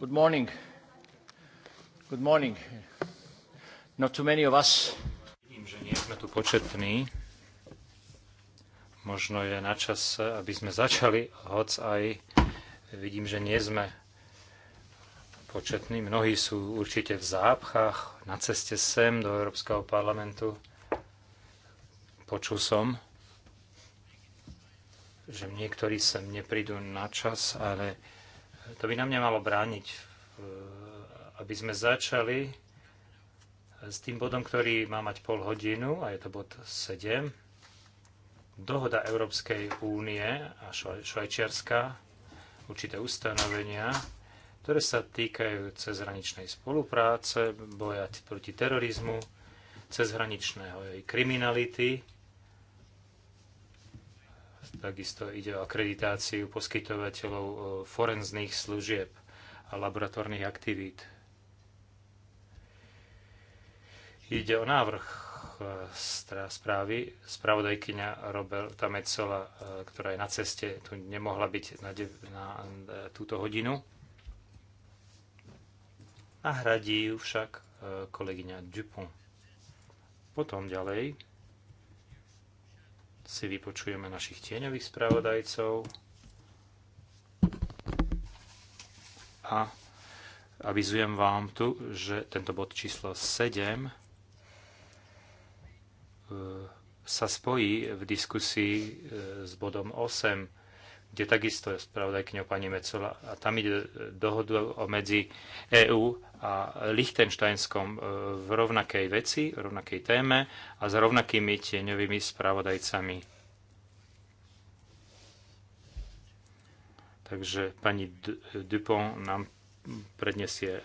Good morning. Good morning. Not too many of us. Vidím, že nie sme tu početní. Možno je na čas, aby sme začali, hoc aj vidím, že nie sme početní. Mnohí sú určite v zápchách na ceste sem do Európskeho parlamentu. Počul som, že niektorí sem neprídu na čas, ale to by nám nemalo brániť, e, aby sme začali s tým bodom, ktorý má mať pol hodinu, a je to bod 7. Dohoda Európskej únie a Švajčiarska, určité ustanovenia, ktoré sa týkajú cezhraničnej spolupráce, boja proti terorizmu, cezhraničného kriminality, Takisto ide o akreditáciu poskytovateľov e, forenzných služieb a laboratórnych aktivít. Ide o návrh e, správy. Spravodajkyňa Roberta Mecola, e, ktorá je na ceste, tu nemohla byť na, na túto hodinu. Nahradí ju však kolegyňa Dupont. Potom ďalej si vypočujeme našich tieňových spravodajcov a avizujem vám tu, že tento bod číslo 7 e, sa spojí v diskusii e, s bodom 8 kde takisto je spravodajkňou pani Mecola. A tam ide dohodu medzi EÚ a Lichtensteinskom e, v rovnakej veci, v rovnakej téme a s rovnakými tieňovými spravodajcami. Takže pani Dupont nám predniesie e,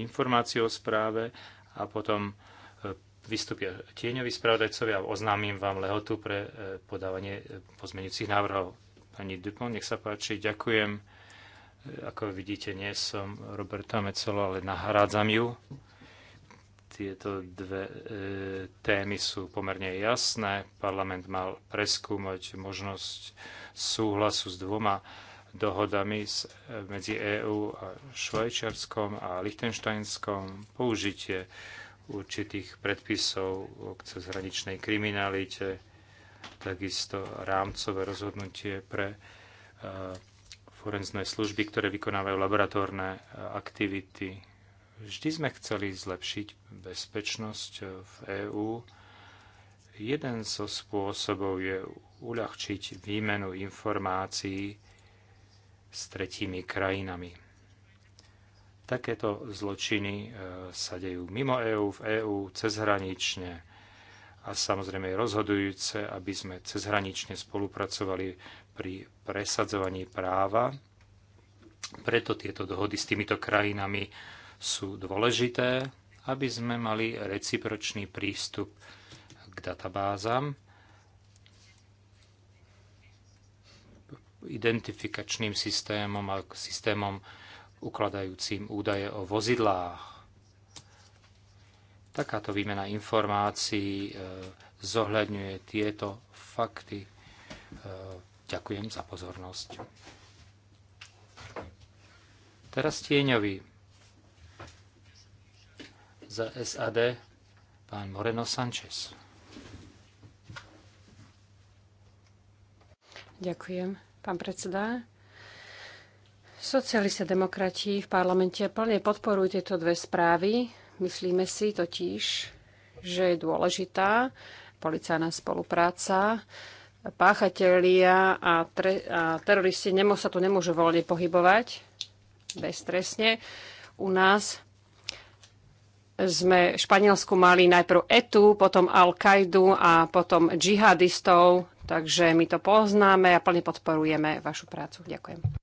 informáciu o správe a potom e, vystúpia tieňoví spravodajcovia a oznámim vám lehotu pre podávanie pozmenujúcich návrhov. Pani Dupont, nech sa páči, ďakujem. Ako vidíte, nie som Roberta Mecelo, ale nahrádzam ju. Tieto dve e, témy sú pomerne jasné. Parlament mal preskúmať možnosť súhlasu s dvoma dohodami s, e, medzi EÚ a Švajčiarskom a Lichtensteinskom použitie určitých predpisov o cezhraničnej kriminalite takisto rámcové rozhodnutie pre e, forenzné služby, ktoré vykonávajú laboratórne e, aktivity. Vždy sme chceli zlepšiť bezpečnosť e, v EÚ. Jeden zo spôsobov je uľahčiť výmenu informácií s tretími krajinami. Takéto zločiny sa dejú mimo EÚ, v EÚ, cezhranične a samozrejme je rozhodujúce, aby sme cezhranične spolupracovali pri presadzovaní práva. Preto tieto dohody s týmito krajinami sú dôležité, aby sme mali recipročný prístup k databázam, identifikačným systémom a systémom ukladajúcim údaje o vozidlách Takáto výmena informácií e, zohľadňuje tieto fakty. E, ďakujem za pozornosť. Teraz tieňový. za SAD pán Moreno Sanchez. Ďakujem, pán predseda. Socialisti a demokrati v parlamente plne podporujú tieto dve správy, Myslíme si totiž, že je dôležitá policajná spolupráca. Páchatelia a, tre- a teroristi nemo- sa tu nemôžu voľne pohybovať beztresne. U nás sme v Španielsku mali najprv ETU, potom Al-Kaidu a potom džihadistov, takže my to poznáme a plne podporujeme vašu prácu. Ďakujem.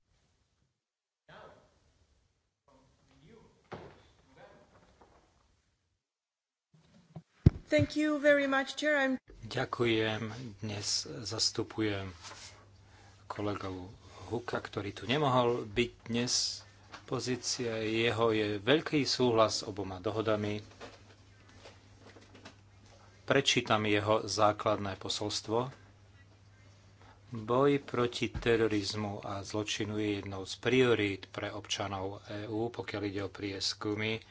Much, Ďakujem. Dnes zastupujem kolegov Huka, ktorý tu nemohol byť dnes. Pozícia jeho je veľký súhlas s oboma dohodami. Prečítam jeho základné posolstvo. Boj proti terorizmu a zločinu je jednou z priorít pre občanov EÚ, pokiaľ ide o prieskumy.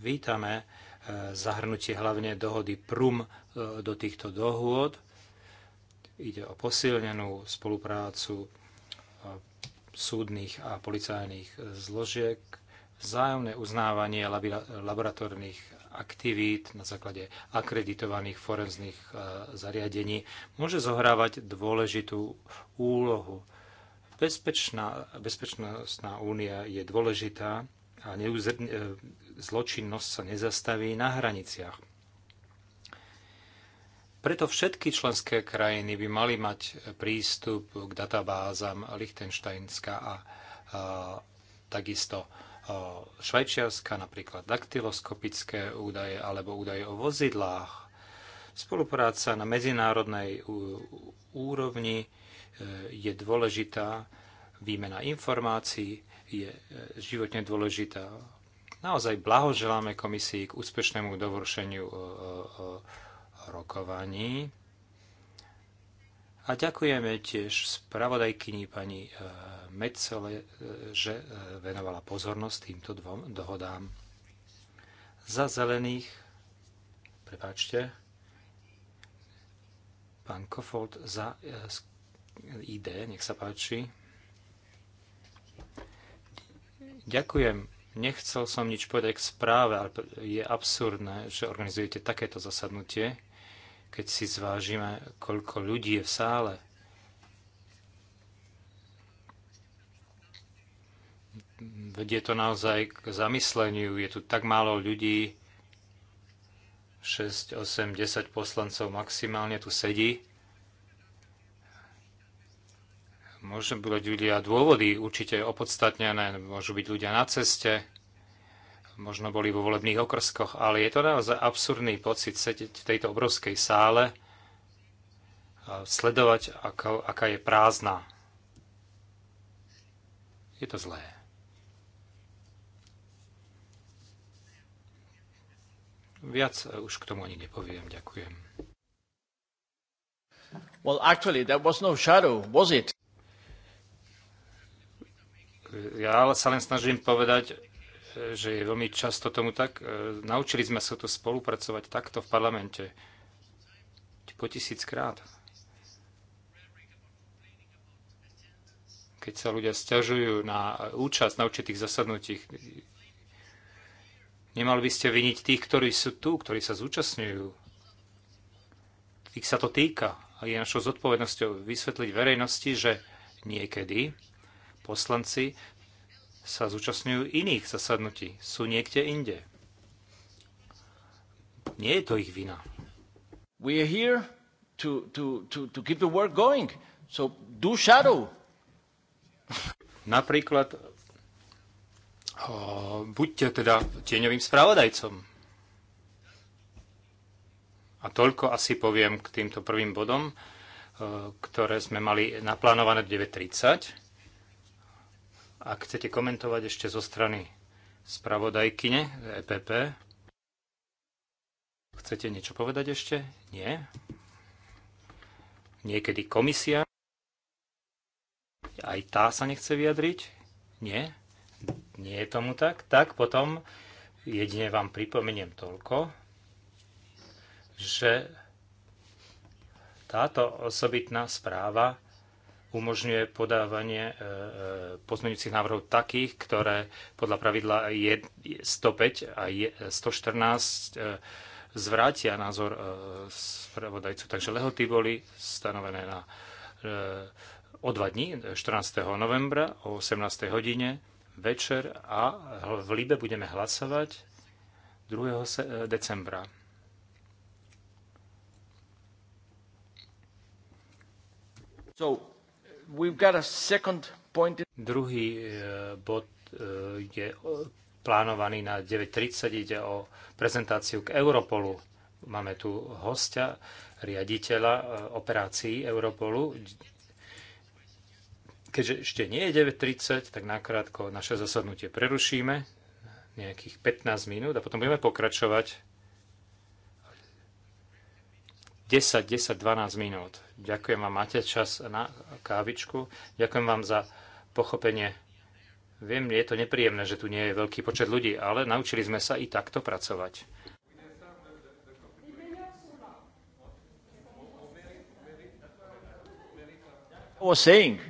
Vítame, E, zahrnutie hlavne dohody PRUM e, do týchto dohôd. Ide o posilnenú spoluprácu e, súdnych a policajných zložiek, vzájomné uznávanie laboratórnych aktivít na základe akreditovaných forenzných zariadení môže zohrávať dôležitú úlohu. Bezpečná, bezpečnostná únia je dôležitá a zločinnosť sa nezastaví na hraniciach. Preto všetky členské krajiny by mali mať prístup k databázam Liechtensteinska a, a takisto a, Švajčiarska, napríklad daktyloskopické údaje alebo údaje o vozidlách. Spolupráca na medzinárodnej úrovni e, je dôležitá, výmena informácií je e, životne dôležitá. Naozaj blahoželáme komisii k úspešnému dovršeniu e, e, e, rokovaní. A ďakujeme tiež spravodajkyni pani Metzele, že venovala pozornosť týmto dvom dohodám. Za zelených, prepáčte, pán Kofold za ID, nech sa páči. Ďakujem Nechcel som nič povedať k správe, ale je absurdné, že organizujete takéto zasadnutie, keď si zvážime, koľko ľudí je v sále. Vedie to naozaj k zamysleniu. Je tu tak málo ľudí, 6, 8, 10 poslancov maximálne tu sedí. Môžu byť ľudia dôvody určite opodstatnené, môžu byť ľudia na ceste, možno boli vo volebných okrskoch, ale je to naozaj absurdný pocit sedieť v tejto obrovskej sále, a sledovať, aká, aká je prázdna. Je to zlé. Viac e, už k tomu ani nepoviem. Ďakujem. Well, actually, there was no shadow, was it? Ja ale sa len snažím povedať, že je veľmi často tomu tak. E, naučili sme sa tu spolupracovať takto v parlamente. Po tisíckrát. Keď sa ľudia stiažujú na účasť na určitých zasadnutích, nemali by ste viniť tých, ktorí sú tu, ktorí sa zúčastňujú. Tých sa to týka. A je našou zodpovednosťou vysvetliť verejnosti, že niekedy Poslanci sa zúčastňujú iných zasadnutí, sú niekde inde. Nie je to ich vina. We are here to, to, to, to keep the work going. So do shadow. Napríklad o, buďte teda tieňovým spravodajcom. A toľko asi poviem k týmto prvým bodom, ktoré sme mali naplánované 9.30. Ak chcete komentovať ešte zo strany spravodajkyne EPP, chcete niečo povedať ešte? Nie? Niekedy komisia? Aj tá sa nechce vyjadriť? Nie? Nie je tomu tak? Tak potom jedine vám pripomeniem toľko, že táto osobitná správa umožňuje podávanie e, e, pozmeňujúcich návrhov takých, ktoré podľa pravidla 105 a 114 e, zvrátia názor spravodajcu. Takže lehoty boli stanovené na o dva dní, 14. novembra o 18. hodine večer a v Líbe budeme hlasovať 2. decembra. So Druhý e, bod e, je e, plánovaný na 9.30, ide o prezentáciu k Europolu. Máme tu hostia, riaditeľa operácií Europolu. Keďže ešte nie je 9.30, tak nakrátko naše zasadnutie prerušíme nejakých 15 minút a potom budeme pokračovať 10, 10, 12 minút. Ďakujem vám, máte čas na kávičku. Ďakujem vám za pochopenie. Viem, je to nepríjemné, že tu nie je veľký počet ľudí, ale naučili sme sa i takto pracovať. was saying.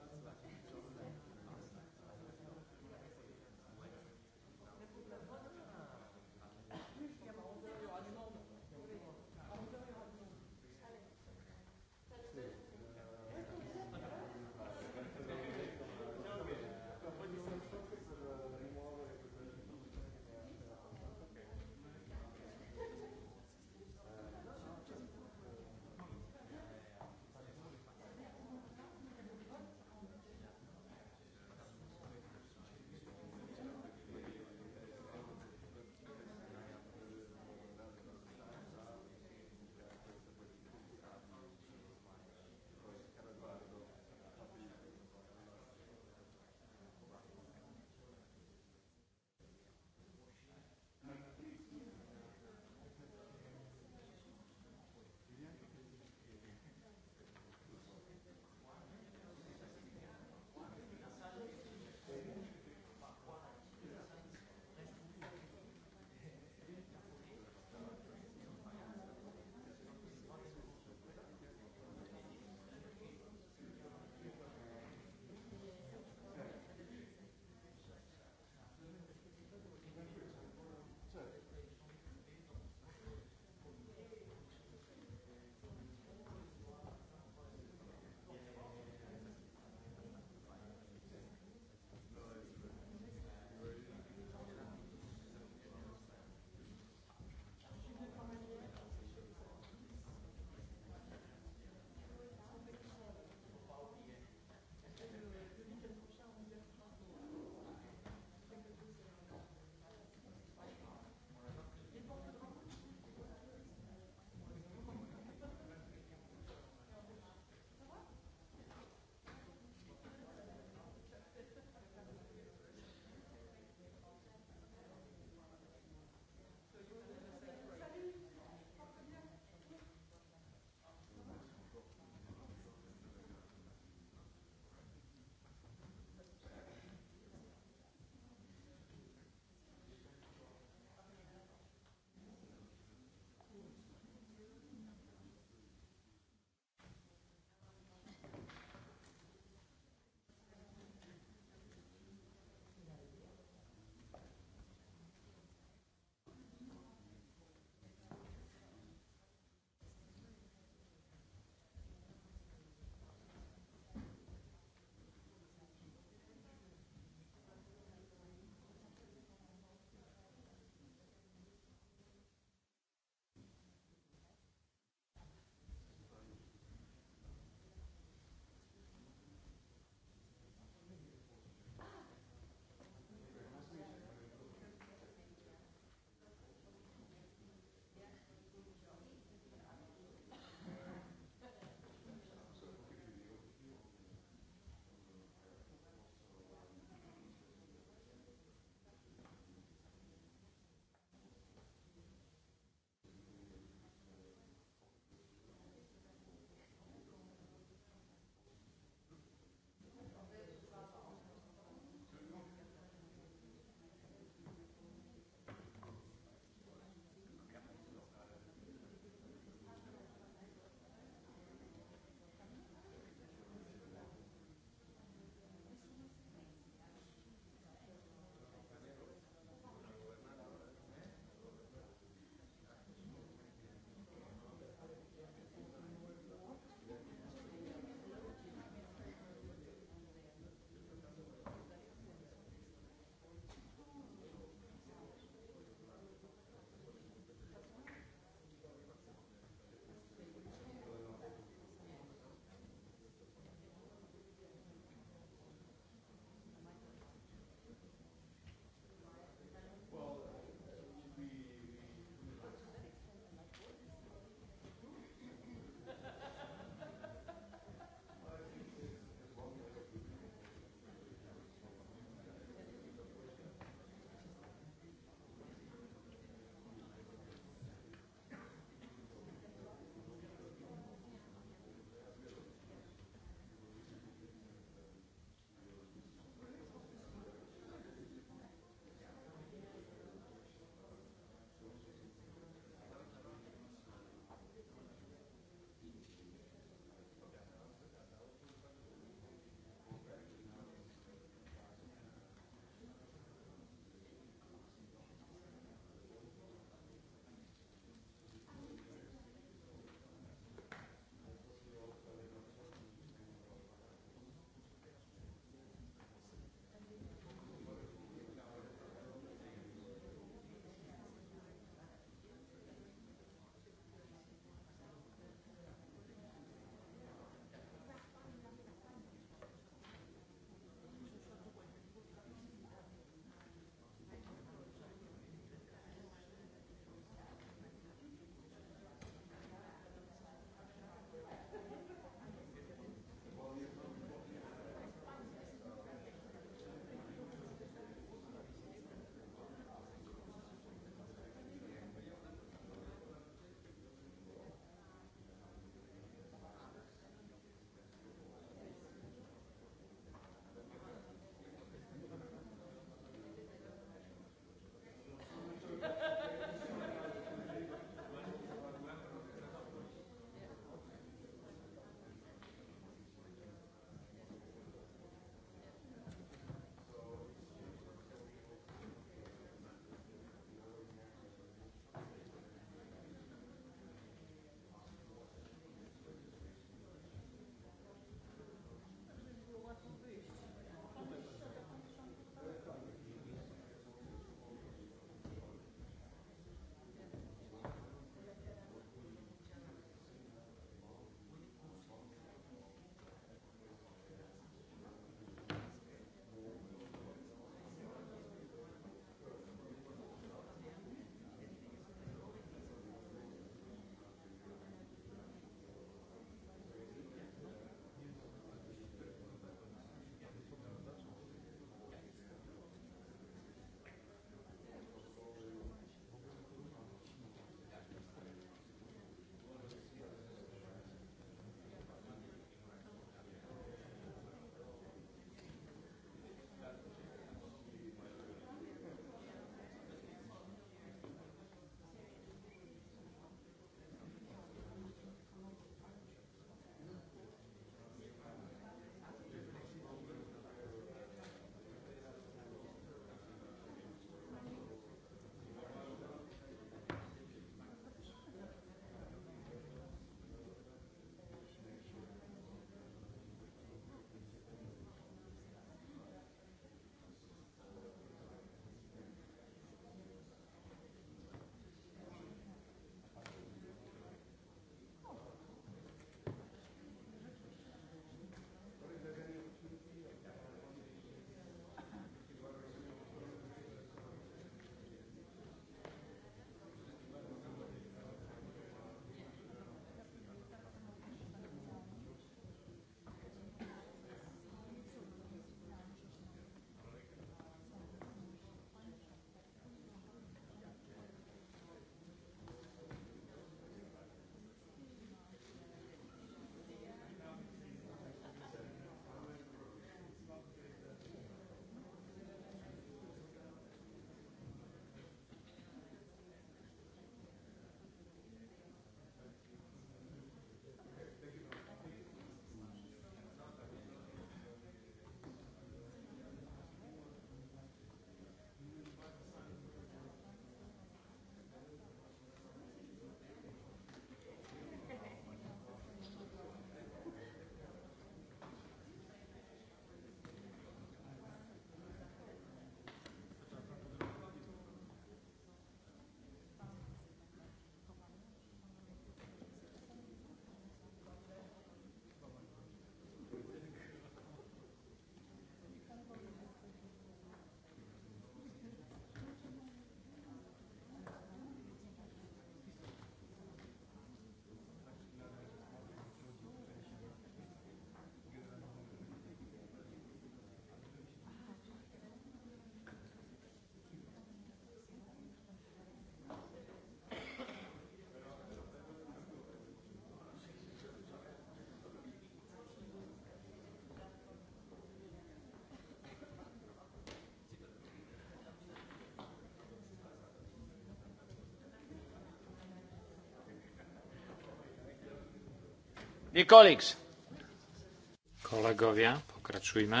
Kolegovia, pokračujme.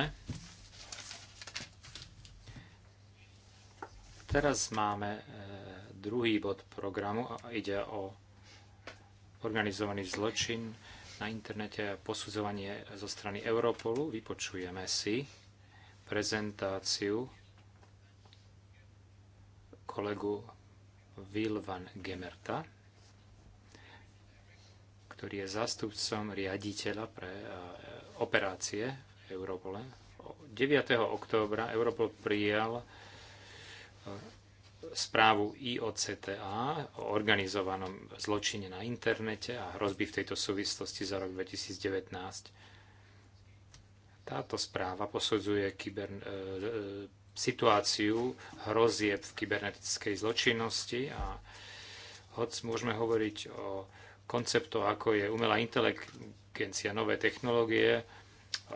Teraz máme e, druhý bod programu a ide o organizovaný zločin na internete a posudzovanie zo strany Europolu. Vypočujeme si prezentáciu kolegu Vilvan Gemerta ktorý je zástupcom riaditeľa pre e, operácie v Europole. 9. októbra Europol prijal e, správu IOCTA o organizovanom zločine na internete a hrozby v tejto súvislosti za rok 2019. Táto správa posudzuje kyber, e, e, situáciu hrozieb v kybernetickej zločinnosti a hoc môžeme hovoriť o konceptov, ako je umelá inteligencia, nové technológie.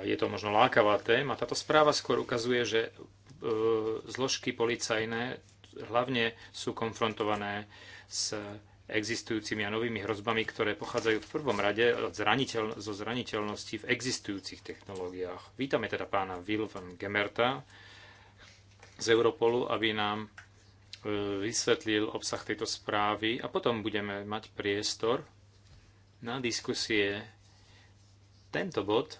Je to možno lákavá téma. Táto správa skôr ukazuje, že e, zložky policajné hlavne sú konfrontované s existujúcimi a novými hrozbami, ktoré pochádzajú v prvom rade od zraniteľ- zo zraniteľnosti v existujúcich technológiách. Vítame teda pána Wilvan Gemerta z Europolu, aby nám e, vysvetlil obsah tejto správy a potom budeme mať priestor na diskusie. Tento bod e,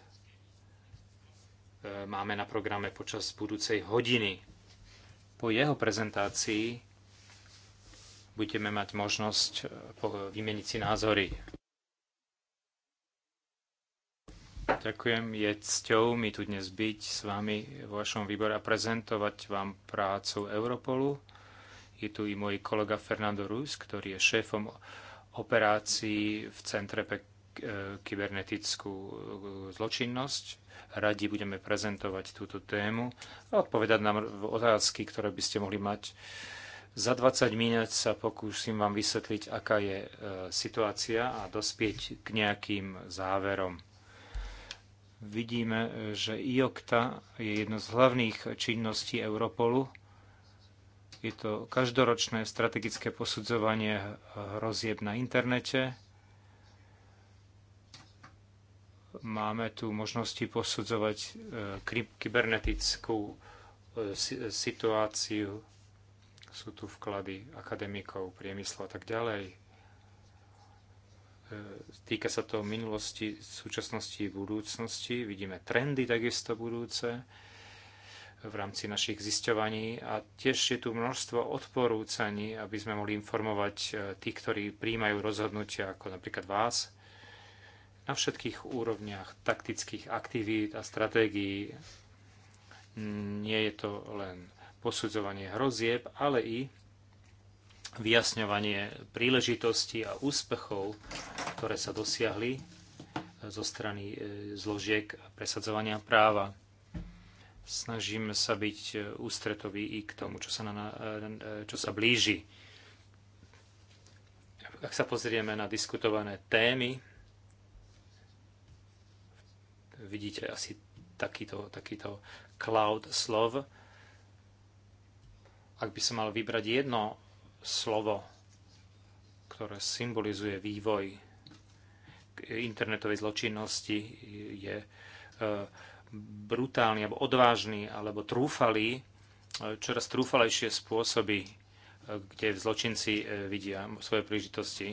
máme na programe počas budúcej hodiny. Po jeho prezentácii budeme mať možnosť e, vymeniť si názory. Ďakujem, je cťou mi tu dnes byť s vami vo vašom výbore a prezentovať vám prácu Europolu. Je tu i môj kolega Fernando Rus, ktorý je šéfom operácií v Centre pre e, kybernetickú e, zločinnosť. Radi budeme prezentovať túto tému a odpovedať nám otázky, ktoré by ste mohli mať. Za 20 minút sa pokúsim vám vysvetliť, aká je e, situácia a dospieť k nejakým záverom. Vidíme, že IOKTA je jedno z hlavných činností Europolu je to každoročné strategické posudzovanie hrozieb na internete. Máme tu možnosti posudzovať e, kybernetickú e, situáciu. Sú tu vklady akademikov, priemyslu a tak ďalej e, týka sa to minulosti, súčasnosti, budúcnosti. Vidíme trendy takisto budúce v rámci našich zisťovaní a tiež je tu množstvo odporúcaní, aby sme mohli informovať e, tých, ktorí príjmajú rozhodnutia, ako napríklad vás, na všetkých úrovniach taktických aktivít a stratégií. Nie je to len posudzovanie hrozieb, ale i vyjasňovanie príležitostí a úspechov, ktoré sa dosiahli e, zo strany e, zložiek presadzovania práva. Snažíme sa byť e, ústretoví i k tomu, čo sa, na, e, čo sa blíži. Ak sa pozrieme na diskutované témy, vidíte asi takýto, takýto cloud slov. Ak by som mal vybrať jedno slovo, ktoré symbolizuje vývoj internetovej zločinnosti, je e, brutálni, alebo odvážni, alebo trúfali, e, čoraz trúfalejšie spôsoby, e, kde zločinci e, vidia svoje príležitosti.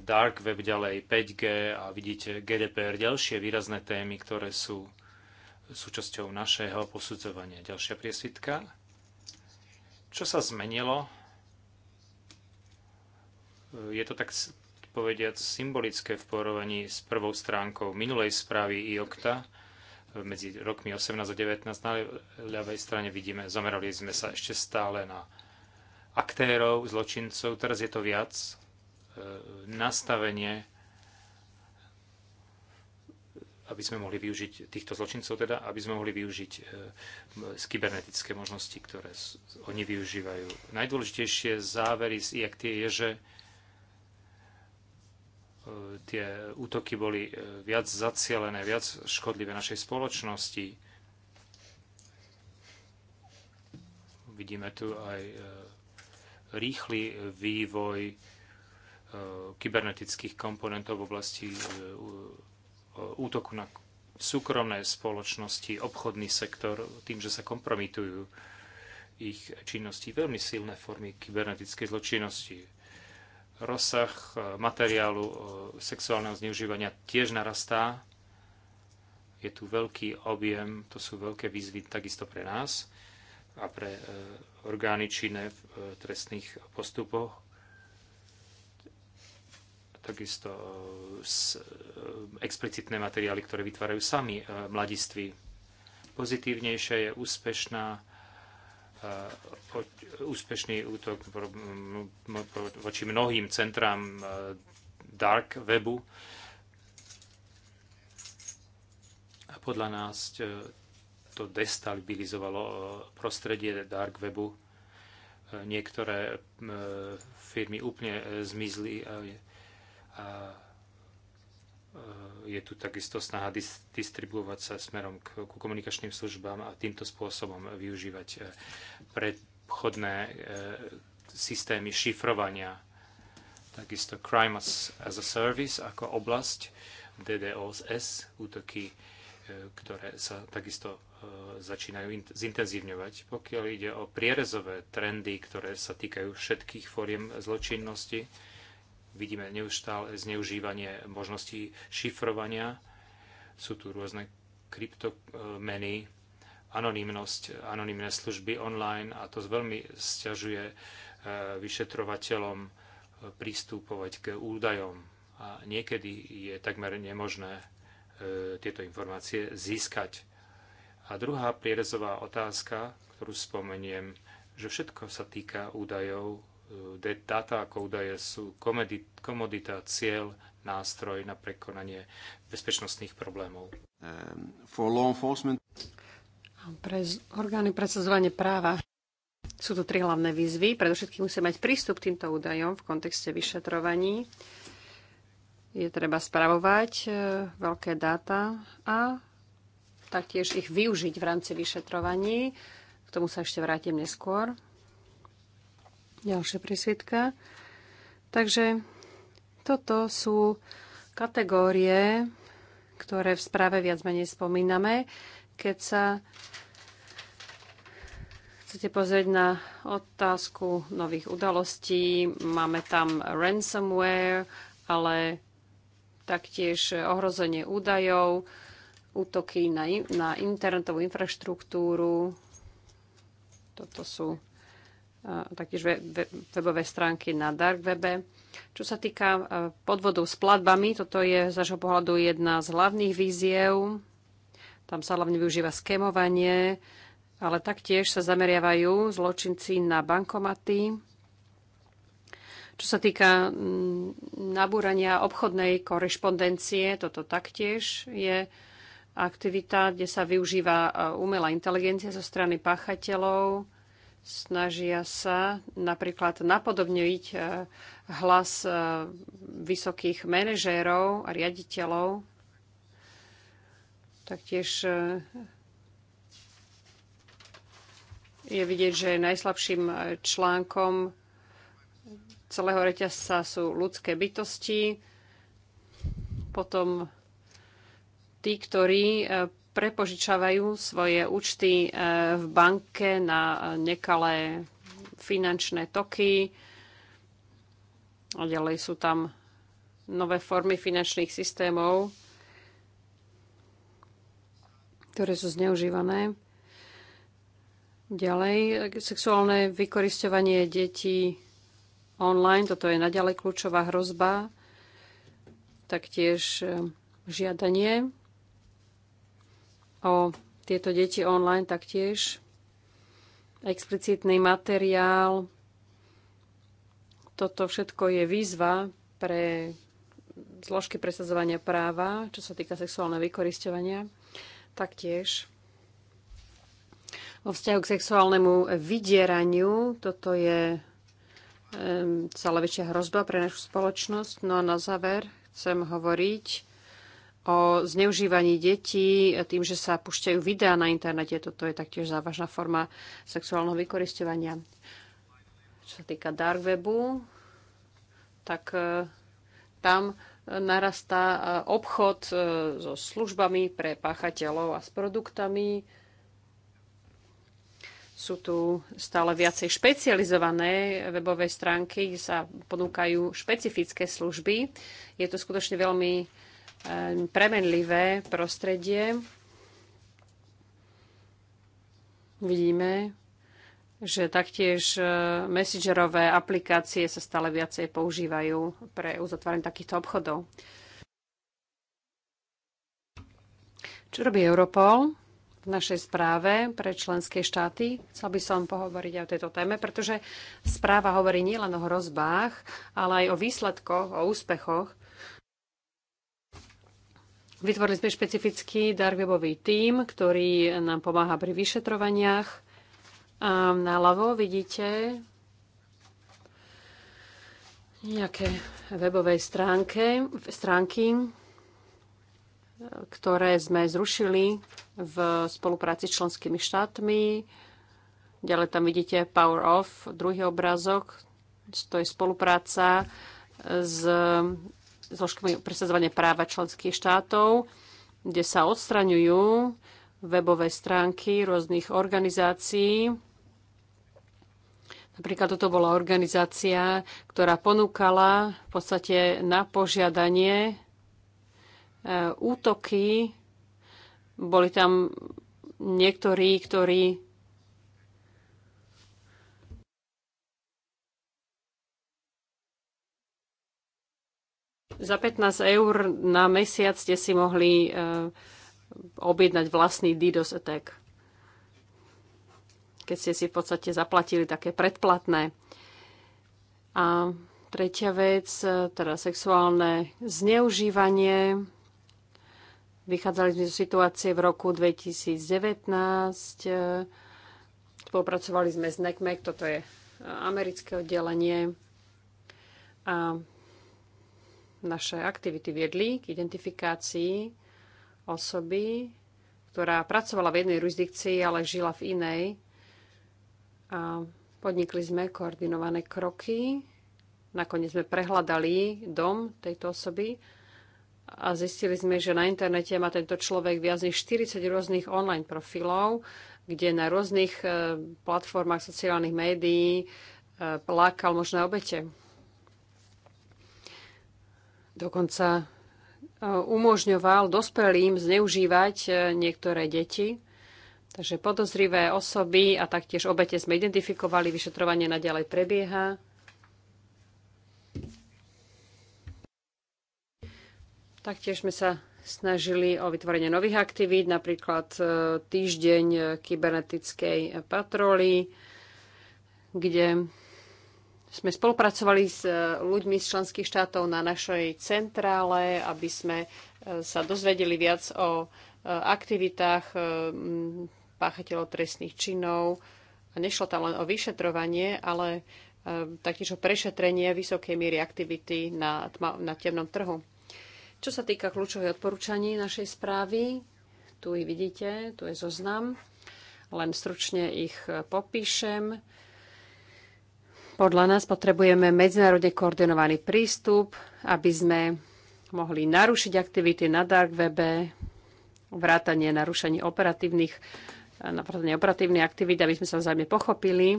Dark web ďalej, 5G a vidíte GDPR, ďalšie výrazné témy, ktoré sú súčasťou našeho posudzovania. Ďalšia priesvitka. Čo sa zmenilo? Je to tak povediac symbolické v porovaní s prvou stránkou minulej správy IOKTA e, medzi rokmi 18 a 19 na ľavej strane vidíme, zamerali sme sa ešte stále na aktérov, zločincov, teraz je to viac e, nastavenie, aby sme mohli využiť týchto zločincov, teda, aby sme mohli využiť e, kybernetické možnosti, ktoré oni využívajú. Najdôležitejšie závery z IAKT je, že tie útoky boli e, viac zacielené, viac škodlivé našej spoločnosti. Vidíme tu aj e, rýchly vývoj e, kybernetických komponentov v oblasti útoku na súkromné spoločnosti, obchodný sektor, tým, že sa kompromitujú ich činnosti, veľmi silné formy kybernetickej zločinnosti Rozsah e, materiálu e, sexuálneho zneužívania tiež narastá. Je tu veľký objem, to sú veľké výzvy takisto pre nás a pre e, orgány činné v trestných postupoch. Takisto explicitné materiály, ktoré vytvárajú sami mladiství. Pozitívnejšia je úspešná úspešný útok voči mnohým centrám e, dark webu. A podľa nás e, to destabilizovalo e, prostredie dark webu. Niektoré firmy úplne zmizli a Eh, je tu takisto snaha dis- distribuovať sa smerom k, k komunikačným službám a týmto spôsobom využívať eh, predchodné eh, systémy šifrovania. Takisto Crime as, as a Service ako oblasť DDoS, útoky, ktoré sa takisto začínajú zintenzívňovať. Pokiaľ ide o prierezové trendy, ktoré sa týkajú všetkých fóriem zločinnosti, Vidíme neustále zneužívanie možností šifrovania. Sú tu rôzne kryptomeny, anonimnosť, anonimné služby online a to veľmi stiažuje e, vyšetrovateľom e, prístupovať k údajom. A niekedy je takmer nemožné e, tieto informácie získať. A druhá prierezová otázka, ktorú spomeniem, že všetko sa týka údajov Data ako údaje sú komodita, cieľ, nástroj na prekonanie bezpečnostných problémov. Um, Pre orgány presadzovania práva sú tu tri hlavné výzvy. Predovšetkým musí mať prístup k týmto údajom v kontexte vyšetrovaní. Je treba spravovať e, veľké dáta a taktiež ich využiť v rámci vyšetrovaní. K tomu sa ešte vrátim neskôr. Ďalšia prísvitka. Takže toto sú kategórie, ktoré v správe viac menej spomíname. Keď sa chcete pozrieť na otázku nových udalostí, máme tam ransomware, ale taktiež ohrozenie údajov, útoky na, na internetovú infraštruktúru. Toto sú taktiež webové stránky na dark webe. Čo sa týka e, podvodov s platbami, toto je z našho pohľadu jedna z hlavných víziev. Tam sa hlavne využíva skémovanie, ale taktiež sa zameriavajú zločinci na bankomaty. Čo sa týka mm, nabúrania obchodnej korešpondencie, toto taktiež je aktivita, kde sa využíva e, umelá inteligencia zo strany páchateľov snažia sa napríklad napodobniť e, hlas e, vysokých manažérov a riaditeľov. Taktiež e, je vidieť, že najslabším článkom celého reťazca sú ľudské bytosti, potom tí, ktorí prepožičavajú svoje účty eh, v banke na eh, nekalé finančné toky. A ďalej sú tam nové formy finančných systémov, ktoré sú zneužívané. Ďalej, eh, sexuálne vykoristovanie detí online, toto je naďalej kľúčová hrozba, taktiež žiadanie o tieto deti online taktiež. Explicitný materiál. Toto všetko je výzva pre zložky presadzovania práva, čo sa týka sexuálneho vykoristovania. Taktiež vo vzťahu k sexuálnemu vydieraniu. Toto je celá väčšia hrozba pre našu spoločnosť. No a na záver chcem hovoriť o zneužívaní detí tým, že sa pušťajú videá na internete. Toto je taktiež závažná forma sexuálneho vykoristovania. Čo sa týka dark webu, tak e, tam e, narastá e, obchod so službami pre páchateľov a s produktami. Sú tu stále viacej špecializované webové stránky, kde sa ponúkajú špecifické služby. Je to skutočne veľmi premenlivé prostredie. Vidíme, že taktiež e, messengerové aplikácie sa stále viacej používajú pre uzatváranie takýchto obchodov. Čo robí Europol v našej správe pre členské štáty? Chcel by som pohovoriť aj o tejto téme, pretože správa hovorí nielen o hrozbách, ale aj o výsledkoch, o úspechoch Vytvorili sme špecifický dark webový tím, ktorý nám pomáha pri vyšetrovaniach. A naľavo vidíte nejaké webové stránke, stránky, ktoré sme zrušili v spolupráci s členskými štátmi. Ďalej tam vidíte Power Off, druhý obrazok, to je spolupráca s zložkami presadzovania práva členských štátov, kde sa odstraňujú webové stránky rôznych organizácií. Napríklad toto bola organizácia, ktorá ponúkala v podstate na požiadanie e, útoky. Boli tam niektorí, ktorí Za 15 eur na mesiac ste si mohli e, objednať vlastný DDoS attack. Keď ste si v podstate zaplatili také predplatné. A tretia vec, e, teda sexuálne zneužívanie. Vychádzali sme zo situácie v roku 2019. E, spolupracovali sme s NECMEC, toto je americké oddelenie. A naše aktivity viedli k identifikácii osoby, ktorá pracovala v jednej jurisdikcii, ale žila v inej. A podnikli sme koordinované kroky. Nakoniec sme prehľadali dom tejto osoby a zistili sme, že na internete má tento človek viac než 40 rôznych online profilov, kde na rôznych eh, platformách sociálnych médií eh, plakal možné obete dokonca e, umožňoval dospelým zneužívať e, niektoré deti. Takže podozrivé osoby a taktiež obete sme identifikovali, vyšetrovanie naďalej prebieha. Taktiež sme sa snažili o vytvorenie nových aktivít, napríklad e, týždeň kybernetickej patroly, kde sme spolupracovali s e, ľuďmi z členských štátov na našej centrále, aby sme e, sa dozvedeli viac o e, aktivitách páchateľov trestných činov. A nešlo tam len o vyšetrovanie, ale taktiež o prešetrenie vysokej miery aktivity na, tma, na temnom trhu. Čo sa týka kľúčových odporúčaní našej správy, tu ich vidíte, tu je zoznam. Len stručne ich popíšem. Podľa nás potrebujeme medzinárodne koordinovaný prístup, aby sme mohli narušiť aktivity na dark webe, vrátanie narušenie operatívnych, vrátanie operatívnych aktivít, aby sme sa vzájme pochopili.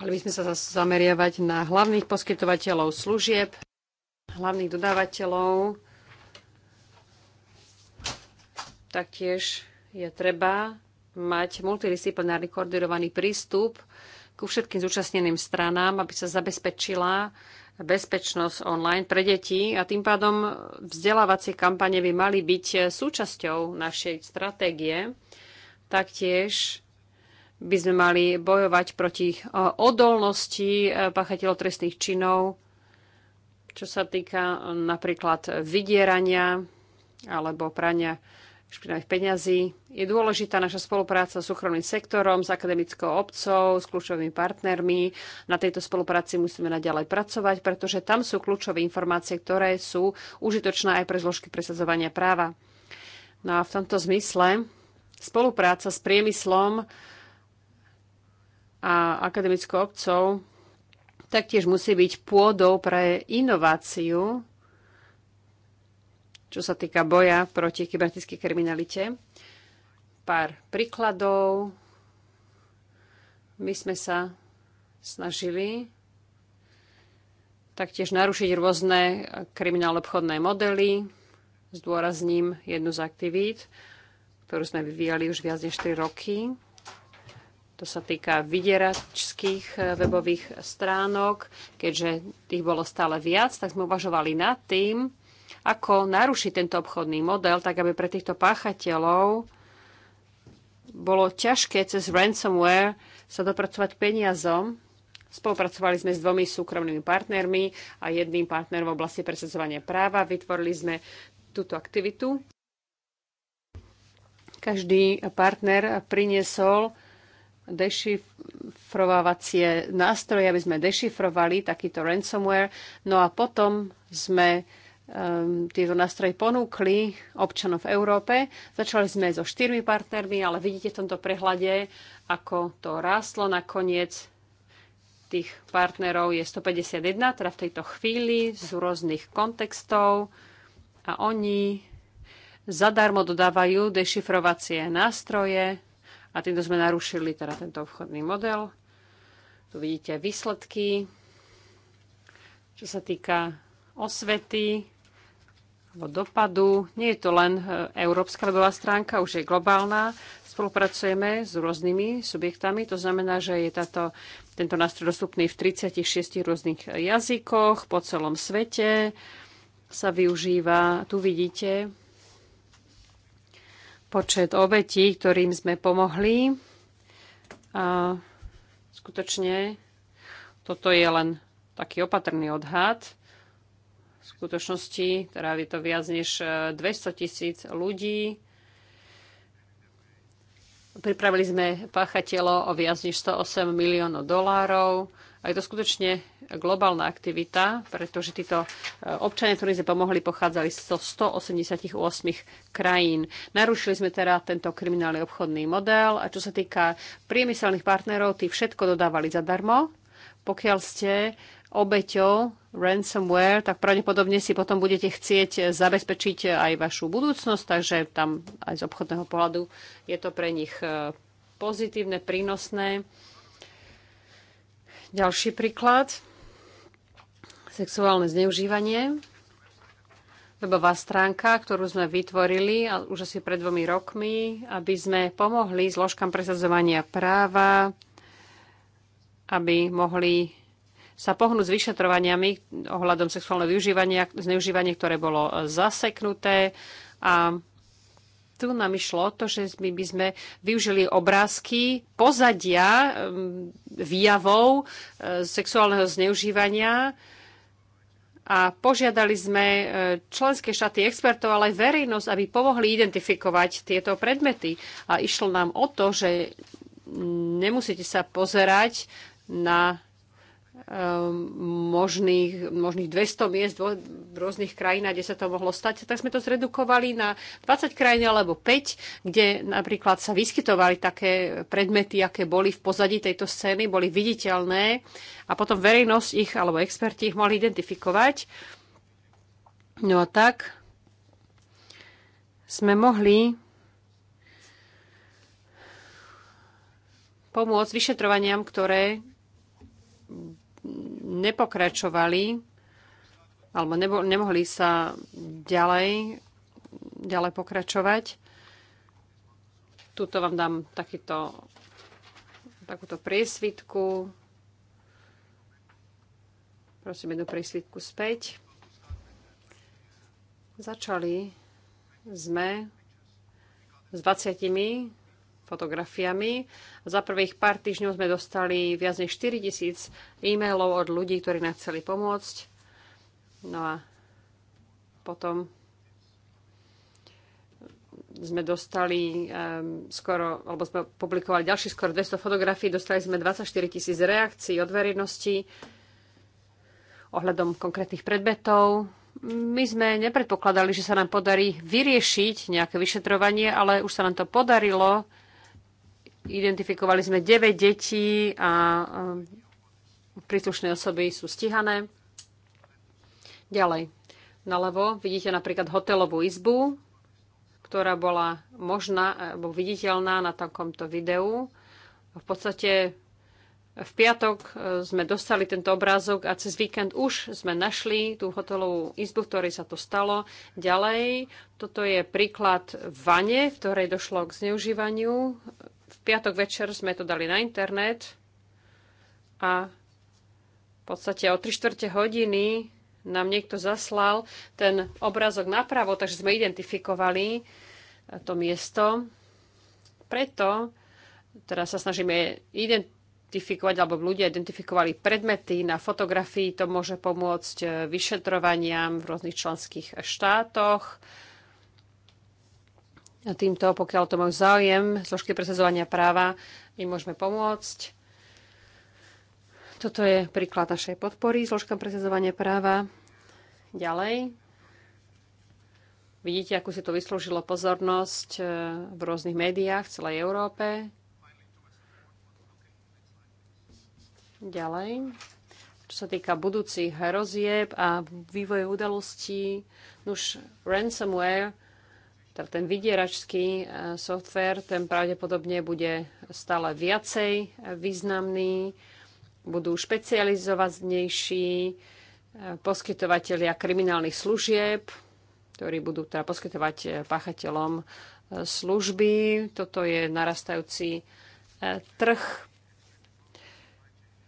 Mali by sme sa zase zameriavať na hlavných poskytovateľov služieb, hlavných dodávateľov. Taktiež je treba mať multidisciplinárny koordinovaný prístup ku všetkým zúčastneným stranám, aby sa zabezpečila bezpečnosť online pre deti a tým pádom vzdelávacie kampane by mali byť súčasťou našej stratégie. Taktiež by sme mali bojovať proti eh, odolnosti eh, pachateľov trestných činov, čo sa týka eh, napríklad vydierania alebo prania špinavých peňazí. Je dôležitá naša spolupráca s súkromným sektorom, s akademickou obcou, s kľúčovými partnermi. Na tejto spolupráci musíme naďalej pracovať, pretože tam sú kľúčové informácie, ktoré sú užitočné aj pre zložky presadzovania práva. No a v tomto zmysle spolupráca s priemyslom a akademickou obcou taktiež musí byť pôdou pre inováciu čo sa týka boja proti kybernetickej kriminalite. Pár príkladov. My sme sa snažili taktiež narušiť rôzne kriminálne obchodné modely. Zdôrazním jednu z aktivít, ktorú sme vyvíjali už viac než 4 roky. To sa týka vydieračských eh, webových stránok. Keďže tých bolo stále viac, tak sme uvažovali nad tým, ako narušiť tento obchodný model, tak aby pre týchto páchateľov bolo ťažké cez ransomware sa dopracovať peniazom. Spolupracovali sme s dvomi súkromnými partnermi a jedným partnerom v oblasti presadzovania práva. Vytvorili sme túto aktivitu. Každý partner priniesol dešifrovávacie nástroje, aby sme dešifrovali takýto ransomware. No a potom sme um, tieto nástroje ponúkli občanov v Európe. Začali sme so štyrmi partnermi, ale vidíte v tomto prehľade, ako to rástlo nakoniec. Tých partnerov je 151, teda v tejto chvíli z rôznych kontextov a oni zadarmo dodávajú dešifrovacie nástroje a týmto sme narušili teda tento obchodný model. Tu vidíte výsledky, čo sa týka osvety, dopadu. Nie je to len e, európska webová stránka, už je globálna. Spolupracujeme s rôznymi subjektami, to znamená, že je táto, tento nástroj dostupný v 36 rôznych jazykoch po celom svete sa využíva. Tu vidíte počet obetí, ktorým sme pomohli. A skutočne toto je len taký opatrný odhad. V skutočnosti trávi to viac než 200 e, tisíc ľudí. Pripravili sme páchateľo o viac než 108 miliónov dolárov. A je to skutočne globálna aktivita, pretože títo e, občania, ktorí sme pomohli, pochádzali z 188 krajín. Narušili sme teda tento kriminálny obchodný model a čo sa týka priemyselných partnerov, tí všetko dodávali zadarmo, pokiaľ ste obeťou ransomware, tak pravdepodobne si potom budete chcieť zabezpečiť aj vašu budúcnosť, takže tam aj z obchodného pohľadu je to pre nich e, pozitívne, prínosné. Ďalší príklad. Sexuálne zneužívanie. Webová stránka, ktorú sme vytvorili už asi pred dvomi rokmi, aby sme pomohli zložkám presadzovania práva, aby mohli sa pohnúť s vyšetrovaniami ohľadom sexuálneho využívania, zneužívania, ktoré bolo e, zaseknuté. A tu nám išlo o to, že my by sme využili obrázky pozadia výjavov e, sexuálneho zneužívania a požiadali sme e, členské štáty expertov, ale aj verejnosť, aby pomohli identifikovať tieto predmety. A išlo nám o to, že nemusíte sa pozerať na Ehm, možných, možných 200 miest v rôznych krajinách, kde sa to mohlo stať, tak sme to zredukovali na 20 krajín alebo 5, kde napríklad sa vyskytovali také predmety, aké boli v pozadí tejto scény, boli viditeľné a potom verejnosť ich alebo experti ich mohli identifikovať. No a tak sme mohli pomôcť vyšetrovaniam, ktoré nepokračovali alebo nebo, nemohli sa ďalej, ďalej pokračovať. Tuto vám dám takýto, takúto priesvitku. Prosím, jednu priesvitku späť. Začali sme s 20 fotografiami. Za prvých pár týždňov sme dostali viac než 4000 e-mailov od ľudí, ktorí nám chceli pomôcť. No a potom sme dostali um, skoro, alebo sme publikovali ďalšie skoro 200 fotografií, dostali sme 24 tisíc reakcií od verejnosti ohľadom konkrétnych predmetov. My sme nepredpokladali, že sa nám podarí vyriešiť nejaké vyšetrovanie, ale už sa nám to podarilo. Identifikovali sme 9 detí a e, príslušné osoby sú stíhané. Ďalej, nalevo vidíte napríklad hotelovú izbu, ktorá bola možná e, alebo viditeľná na takomto videu. V podstate v piatok e, sme dostali tento obrázok a cez víkend už sme našli tú hotelovú izbu, v ktorej sa to stalo. Ďalej, toto je príklad vane, v ktorej došlo k zneužívaniu v piatok večer sme to dali na internet a v podstate o 3 čtvrte hodiny nám niekto zaslal ten obrázok napravo, takže sme identifikovali to miesto. Preto teraz sa snažíme identifikovať, alebo ľudia identifikovali predmety na fotografii, to môže pomôcť vyšetrovaniam v rôznych členských štátoch a týmto, pokiaľ to majú záujem, zložky presadzovania práva, im môžeme pomôcť. Toto je príklad našej podpory zložkám presadzovania práva. Ďalej. Vidíte, ako si to vyslúžilo pozornosť eh, v rôznych médiách v celej Európe. Ďalej. Čo sa týka budúcich hrozieb a vývoje udalostí, už ransomware teda ten vydieračský e, software, ten pravdepodobne bude stále viacej e, významný, budú špecializovanejší e, poskytovateľia kriminálnych služieb, ktorí budú teda poskytovať páchateľom služby. Toto je narastajúci trh.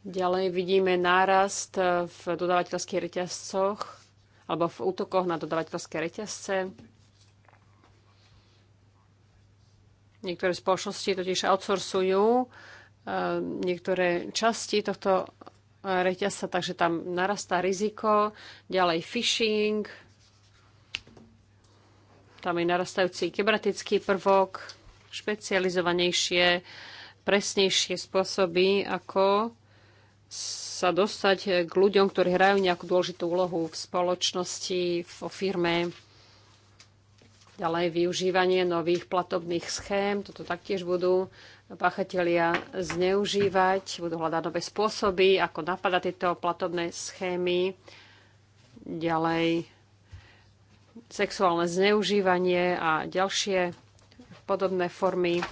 Ďalej vidíme nárast v dodavateľských reťazcoch alebo v útokoch na dodavateľské reťazce. Niektoré spoločnosti totiž outsourcujú eh, niektoré časti tohto eh, reťazca, takže tam narastá riziko. Ďalej phishing, tam je narastajúci kybernetický prvok, špecializovanejšie, presnejšie spôsoby, ako sa dostať k ľuďom, ktorí hrajú nejakú dôležitú úlohu v spoločnosti, vo firme. Ďalej využívanie nových platobných schém, toto taktiež budú páchatelia zneužívať, budú hľadať nové spôsoby, ako napadať tieto platobné schémy. Ďalej sexuálne zneužívanie a ďalšie podobné formy.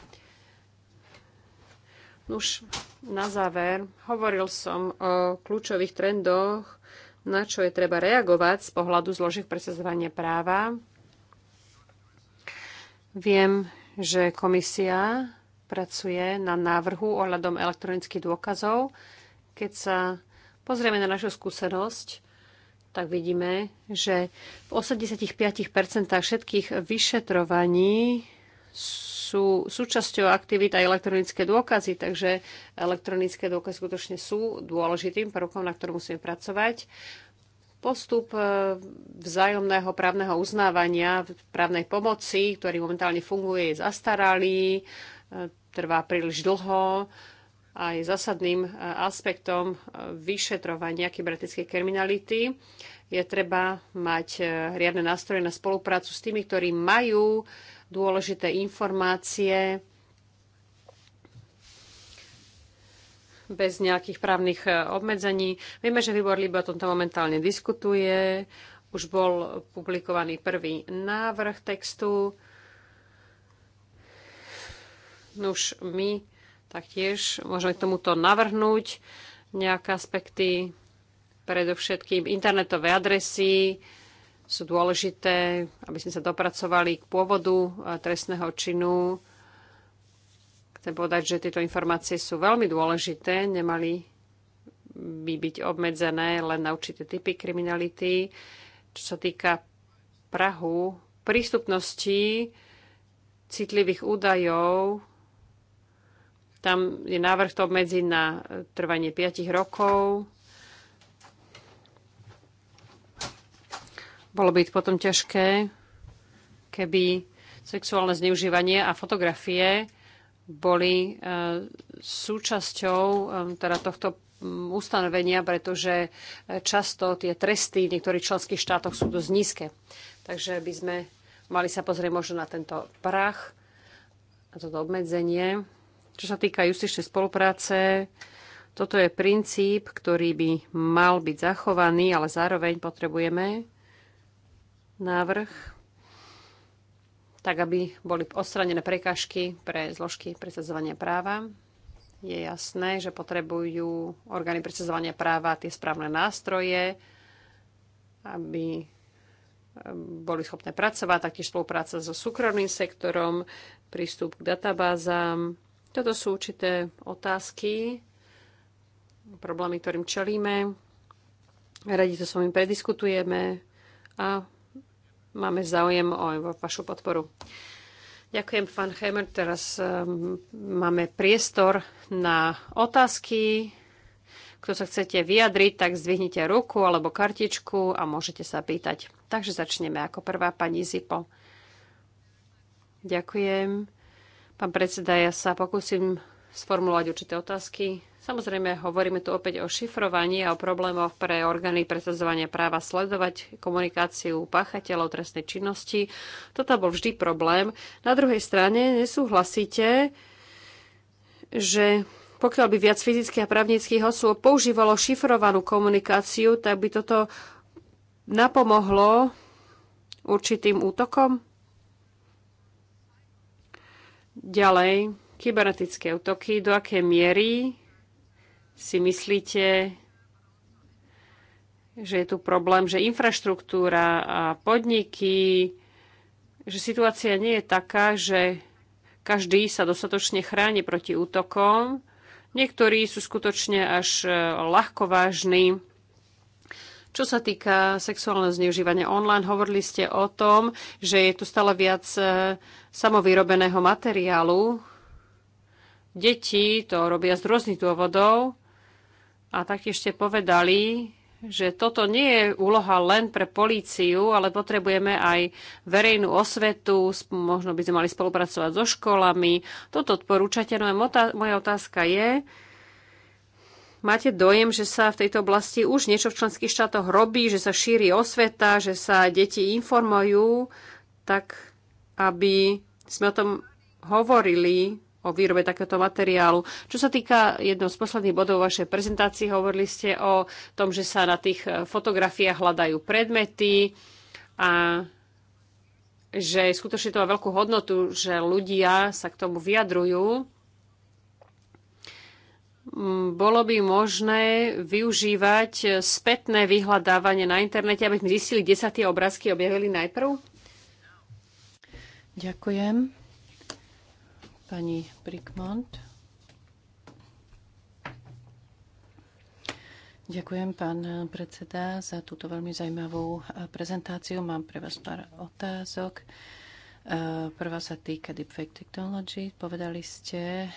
Už na záver hovoril som o kľúčových trendoch, na čo je treba reagovať z pohľadu zložiek presadzovania práva Viem, že komisia pracuje na návrhu ohľadom elektronických dôkazov. Keď sa pozrieme na našu skúsenosť, tak vidíme, že v 85% všetkých vyšetrovaní sú súčasťou aktivít aj elektronické dôkazy, takže elektronické dôkazy skutočne sú dôležitým prvkom, na ktorom musíme pracovať. Postup e, vzájomného právneho uznávania právnej pomoci, ktorý momentálne funguje, je zastaralý, e, trvá príliš dlho a je zásadným e, aspektom vyšetrovania kybernetickej kriminality. Je treba mať riadne nástroje na spoluprácu s tými, ktorí majú dôležité informácie bez nejakých právnych e, obmedzení. Vieme, že výbor Libe o tomto momentálne diskutuje. Už bol publikovaný prvý návrh textu. Nuž my taktiež môžeme k tomuto navrhnúť nejaké aspekty, predovšetkým internetové adresy, sú dôležité, aby sme sa dopracovali k pôvodu e, trestného činu. Chcem povedať, že tieto informácie sú veľmi dôležité, nemali by byť obmedzené len na určité typy kriminality. Čo sa týka Prahu, prístupnosti citlivých údajov, tam je návrh to obmedzi na trvanie 5 rokov. Bolo by potom ťažké, keby sexuálne zneužívanie a fotografie boli e, súčasťou e, teda tohto ustanovenia, pretože e, často tie tresty v niektorých členských štátoch sú dosť nízke. Takže by sme mali sa pozrieť možno na tento prach, na toto obmedzenie. Čo sa týka justičnej spolupráce, toto je princíp, ktorý by mal byť zachovaný, ale zároveň potrebujeme návrh tak aby boli odstranené prekážky pre zložky presadzovania práva. Je jasné, že potrebujú orgány presadzovania práva tie správne nástroje, aby e, boli schopné pracovať, taktiež spolupráca so súkromným sektorom, prístup k databázám. Toto sú určité otázky, problémy, ktorým čelíme. Radi to s vami prediskutujeme a máme záujem o vašu podporu. Ďakujem, pán Hemer. Teraz um, máme priestor na otázky. Kto sa chcete vyjadriť, tak zdvihnite ruku alebo kartičku a môžete sa pýtať. Takže začneme ako prvá pani Zipo. Ďakujem. Pán predseda, ja sa pokúsim sformulovať určité otázky. Samozrejme, hovoríme tu opäť o šifrovaní a o problémoch pre orgány presadzovania práva sledovať komunikáciu páchateľov trestnej činnosti. Toto bol vždy problém. Na druhej strane nesúhlasíte, že pokiaľ by viac fyzických a právnických osôb používalo šifrovanú komunikáciu, tak by toto napomohlo určitým útokom? Ďalej, kybernetické útoky, do akej miery si myslíte, že je tu problém, že infraštruktúra a podniky, že situácia nie je taká, že každý sa dostatočne chráni proti útokom. Niektorí sú skutočne až e, ľahko vážni. Čo sa týka sexuálneho zneužívania online, hovorili ste o tom, že je tu stále viac e, samovýrobeného materiálu. Deti to robia z rôznych dôvodov. A taktiež ste povedali, že toto nie je úloha len pre políciu, ale potrebujeme aj verejnú osvetu, možno by sme mali spolupracovať so školami. Toto odporúčate, no moja otázka je, máte dojem, že sa v tejto oblasti už niečo v členských štátoch robí, že sa šíri osveta, že sa deti informujú, tak aby sme o tom hovorili o výrobe takéhoto materiálu. Čo sa týka jedného z posledných bodov vašej prezentácii, hovorili ste o tom, že sa na tých eh, fotografiách hľadajú predmety a že skutočne to má veľkú hodnotu, že ľudia sa k tomu vyjadrujú. Mm, bolo by možné využívať spätné vyhľadávanie na internete, aby sme zistili, kde sa tie obrázky objavili najprv? Ďakujem. Pani Brickmont. Ďakujem, pán predseda, za túto veľmi zajímavú eh, prezentáciu. Mám pre vás pár otázok. Eh, prvá sa týka Deepfake Technology. Povedali ste, eh,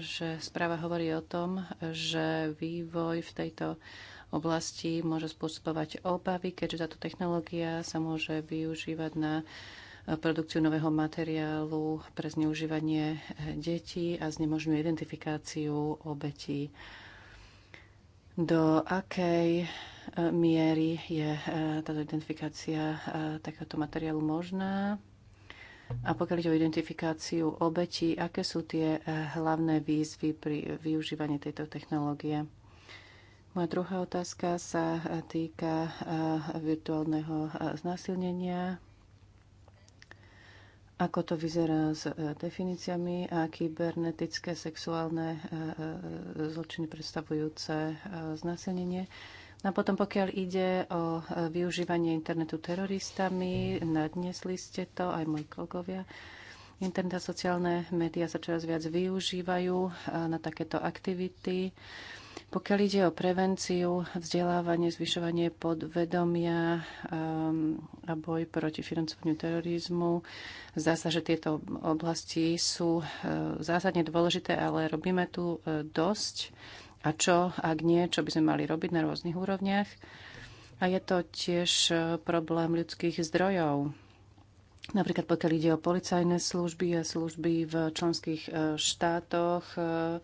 že správa hovorí o tom, že vývoj v tejto oblasti môže spôsobovať obavy, keďže táto technológia sa môže využívať na produkciu nového materiálu pre zneužívanie eh, detí a znemožňuje identifikáciu obetí. Do akej eh, miery je eh, táto identifikácia takéhoto materiálu možná? A pokiaľ ide o identifikáciu obetí, aké sú tie hlavné výzvy pri využívaní tejto technológie? Moja druhá otázka sa týka virtuálneho znásilnenia ako to vyzerá s e, definíciami a kybernetické sexuálne e, e, zločiny predstavujúce znásilnenie. No a potom pokiaľ ide o využívanie internetu teroristami, nadnesli ste to, aj moji kolegovia. Internet a sociálne médiá sa čoraz viac využívajú na takéto aktivity pokiaľ ide o prevenciu, vzdelávanie, zvyšovanie podvedomia um, a boj proti financovaniu terorizmu, zdá sa, že tieto oblasti sú uh, zásadne dôležité, ale robíme tu uh, dosť. A čo, ak nie, čo by sme mali robiť na rôznych úrovniach? A je to tiež uh, problém ľudských zdrojov. Napríklad pokiaľ ide o policajné služby a služby v členských uh, štátoch, uh,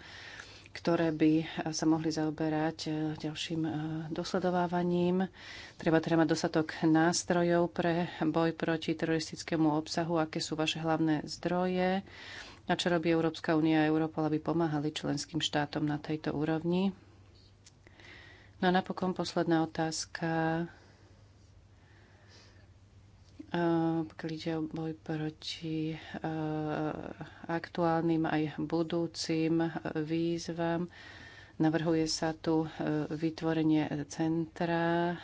ktoré by sa mohli zaoberať e, ďalším e, dosledovávaním. Treba teda mať dostatok nástrojov pre boj proti teroristickému obsahu, aké sú vaše hlavné zdroje a čo robí Európska únia a Europol, aby pomáhali členským štátom na tejto úrovni. No a napokon posledná otázka Eh, pokiaľ ide o boj proti eh, aktuálnym aj budúcim eh, výzvam. Navrhuje sa tu vytvorenie centra,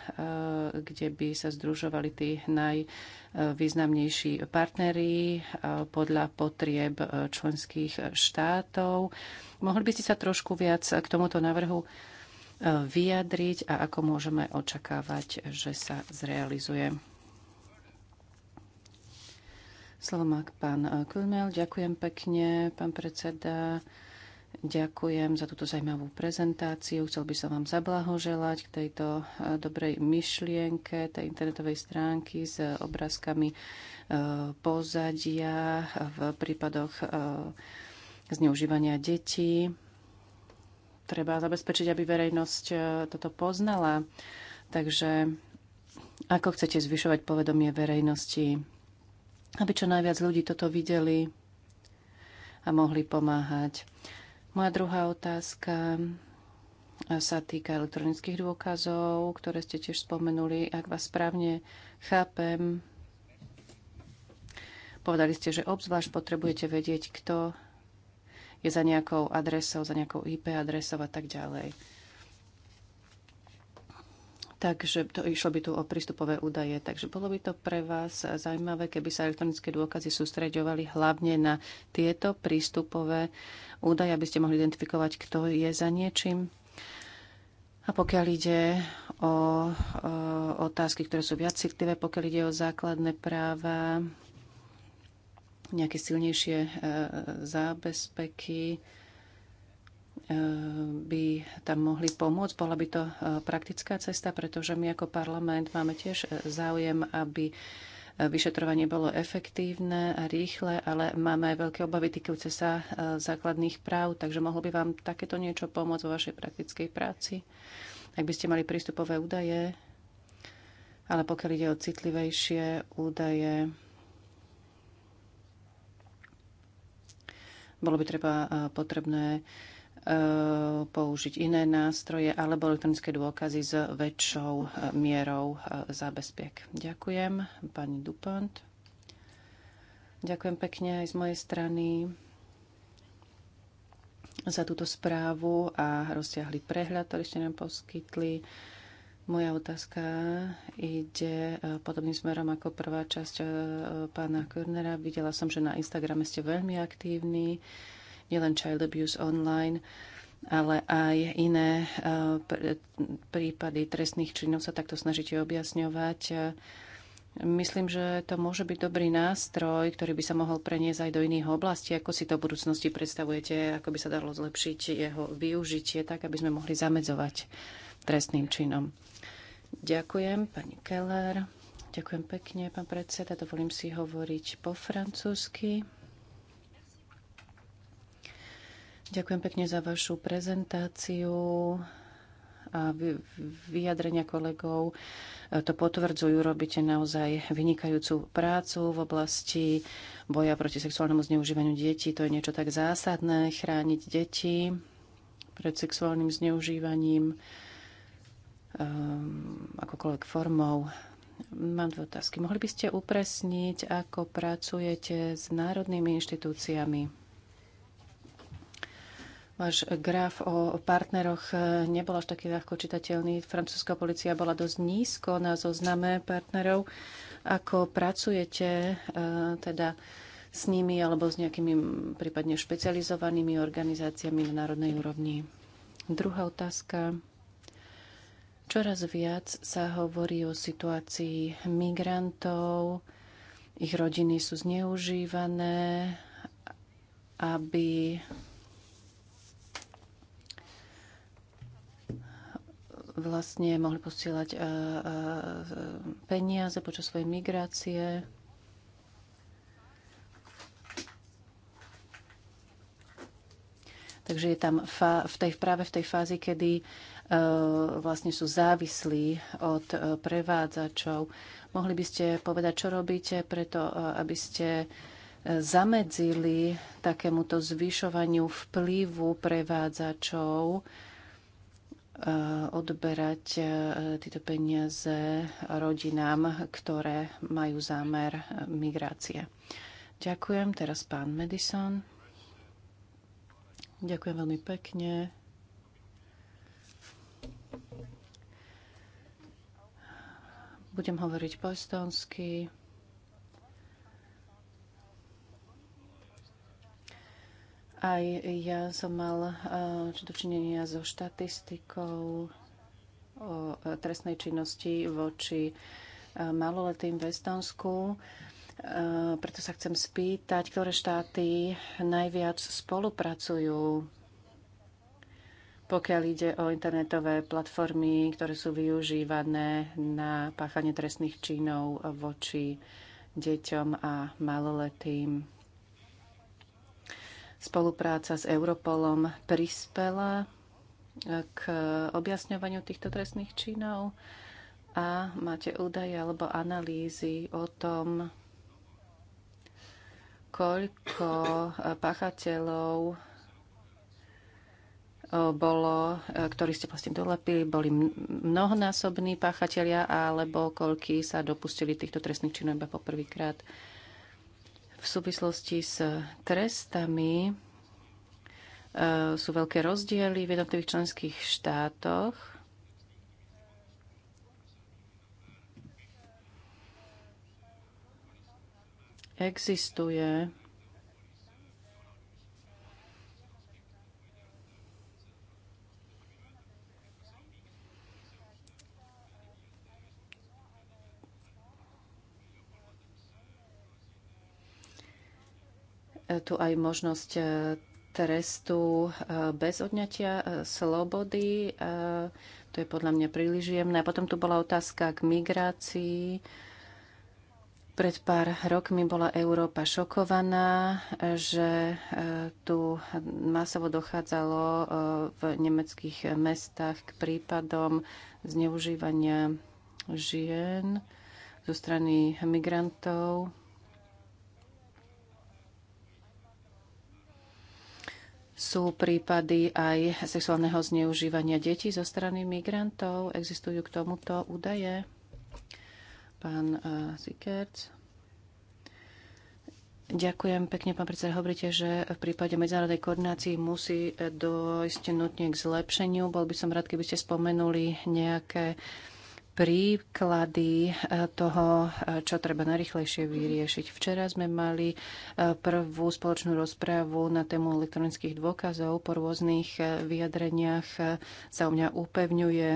kde by sa združovali tí najvýznamnejší partnery podľa potrieb členských štátov. Mohli by ste sa trošku viac k tomuto navrhu vyjadriť a ako môžeme očakávať, že sa zrealizuje? Slovo má pán eh, Kulmel. Ďakujem pekne, pán predseda. Ďakujem za túto zaujímavú prezentáciu. Chcel by som vám zablahoželať k tejto eh, dobrej myšlienke, tej internetovej stránky s obrázkami eh, pozadia v prípadoch zneužívania detí. Treba zabezpečiť, aby verejnosť toto poznala. Takže ako chcete zvyšovať povedomie verejnosti aby čo najviac ľudí toto videli a mohli pomáhať. Moja druhá otázka sa týka elektronických dôkazov, ktoré ste tiež spomenuli. Ak vás správne chápem, povedali ste, že obzvlášť potrebujete vedieť, kto je za nejakou adresou, za nejakou IP adresou a tak ďalej. Takže to, išlo by tu o prístupové údaje. Takže bolo by to pre vás zaujímavé, keby sa elektronické dôkazy sústreďovali hlavne na tieto prístupové údaje, aby ste mohli identifikovať, kto je za niečím. A pokiaľ ide o, o otázky, ktoré sú viac citlivé, pokiaľ ide o základné práva, nejaké silnejšie e, e zábezpeky, by tam mohli pomôcť. Bola by to e, praktická cesta, pretože my ako parlament máme tiež e, záujem, aby e, vyšetrovanie bolo efektívne a rýchle, ale máme aj veľké obavy týkajúce sa základných práv, takže mohlo by vám takéto niečo pomôcť vo vašej praktickej práci, ak by ste mali prístupové údaje, ale pokiaľ ide o citlivejšie údaje, bolo by treba potrebné E, použiť iné nástroje alebo elektronické dôkazy s väčšou e, mierou e, zábezpiek. Ďakujem, pani Dupont. Ďakujem pekne aj z mojej strany za túto správu a rozsiahli prehľad, ktorý ste nám poskytli. Moja otázka ide podobným smerom ako prvá časť pána Körnera. Videla som, že na Instagrame ste veľmi aktívni nielen Child Abuse Online, ale aj iné eh, prípady trestných činov sa takto snažíte objasňovať. Myslím, že to môže byť dobrý nástroj, ktorý by sa mohol preniesť aj do iných oblastí. Ako si to v budúcnosti predstavujete, ako by sa dalo zlepšiť jeho využitie, tak aby sme mohli zamedzovať trestným činom. Ďakujem, pani Keller. Ďakujem pekne, pán predseda. Dovolím si hovoriť po francúzsky. Ďakujem pekne za vašu prezentáciu a vyjadrenia kolegov to potvrdzujú. Robíte naozaj vynikajúcu prácu v oblasti boja proti sexuálnemu zneužívaniu detí. To je niečo tak zásadné, chrániť deti pred sexuálnym zneužívaním um, akokoľvek formou. Mám dve otázky. Mohli by ste upresniť, ako pracujete s národnými inštitúciami? Váš graf o partneroch eh, nebol až taký ľahko čitateľný. Francúzska policia bola dosť nízko na zozname partnerov. Ako pracujete eh, teda s nimi alebo s nejakými prípadne špecializovanými organizáciami na národnej úrovni? Druhá otázka. Čoraz viac sa hovorí o situácii migrantov, ich rodiny sú zneužívané, aby vlastne mohli posielať eh, eh, peniaze počas svojej migrácie. Takže je tam v tej, práve v tej fázi, kedy eh, vlastne sú závislí od prevádzačov. Mohli by ste povedať, čo robíte preto, aby ste zamedzili takémuto zvyšovaniu vplyvu prevádzačov Eh, odberať eh, tieto peniaze rodinám, ktoré majú zámer eh, migrácie. Ďakujem. Teraz pán Madison. Ďakujem veľmi pekne. Budem hovoriť po estonsky. Aj ja som mal uh, dočinenia so štatistikou o eh, trestnej činnosti voči eh, maloletým v Estonsku. Preto sa chcem spýtať, ktoré štáty najviac spolupracujú, pokiaľ ide o internetové platformy, ktoré sú využívané na páchanie trestných činov voči deťom a maloletým. Spolupráca s Europolom prispela eh, k objasňovaniu týchto trestných činov a máte údaje alebo analýzy o tom, koľko eh, pachateľov eh, bolo, ktorí ste vlastne dolepili, boli mnohonásobní páchatelia, alebo koľky sa dopustili týchto trestných činov iba poprvýkrát v súvislosti s trestami eh, sú veľké rozdiely v jednotlivých členských štátoch. Existuje tu aj možnosť e, trestu e, bez odňatia e, slobody. To je podľa mňa príliš jemné. Potom tu bola otázka k migrácii. Pred pár rokmi bola Európa šokovaná, že tu masovo dochádzalo v nemeckých mestách k prípadom zneužívania žien zo strany migrantov. Sú prípady aj sexuálneho zneužívania detí zo strany migrantov. Existujú k tomuto údaje? Pán Zikerc. Eh, Ďakujem pekne, pán predseda. Hovoríte, že v prípade medzinárodnej koordinácii musí dojsť nutne k zlepšeniu. Bol by som rád, keby ste spomenuli nejaké uh, príklady e, toho, e, čo treba najrychlejšie vyriešiť. Včera sme mali e, prvú spoločnú rozprávu na tému elektronických dôkazov. Po rôznych vyjadreniach sa u mňa upevňuje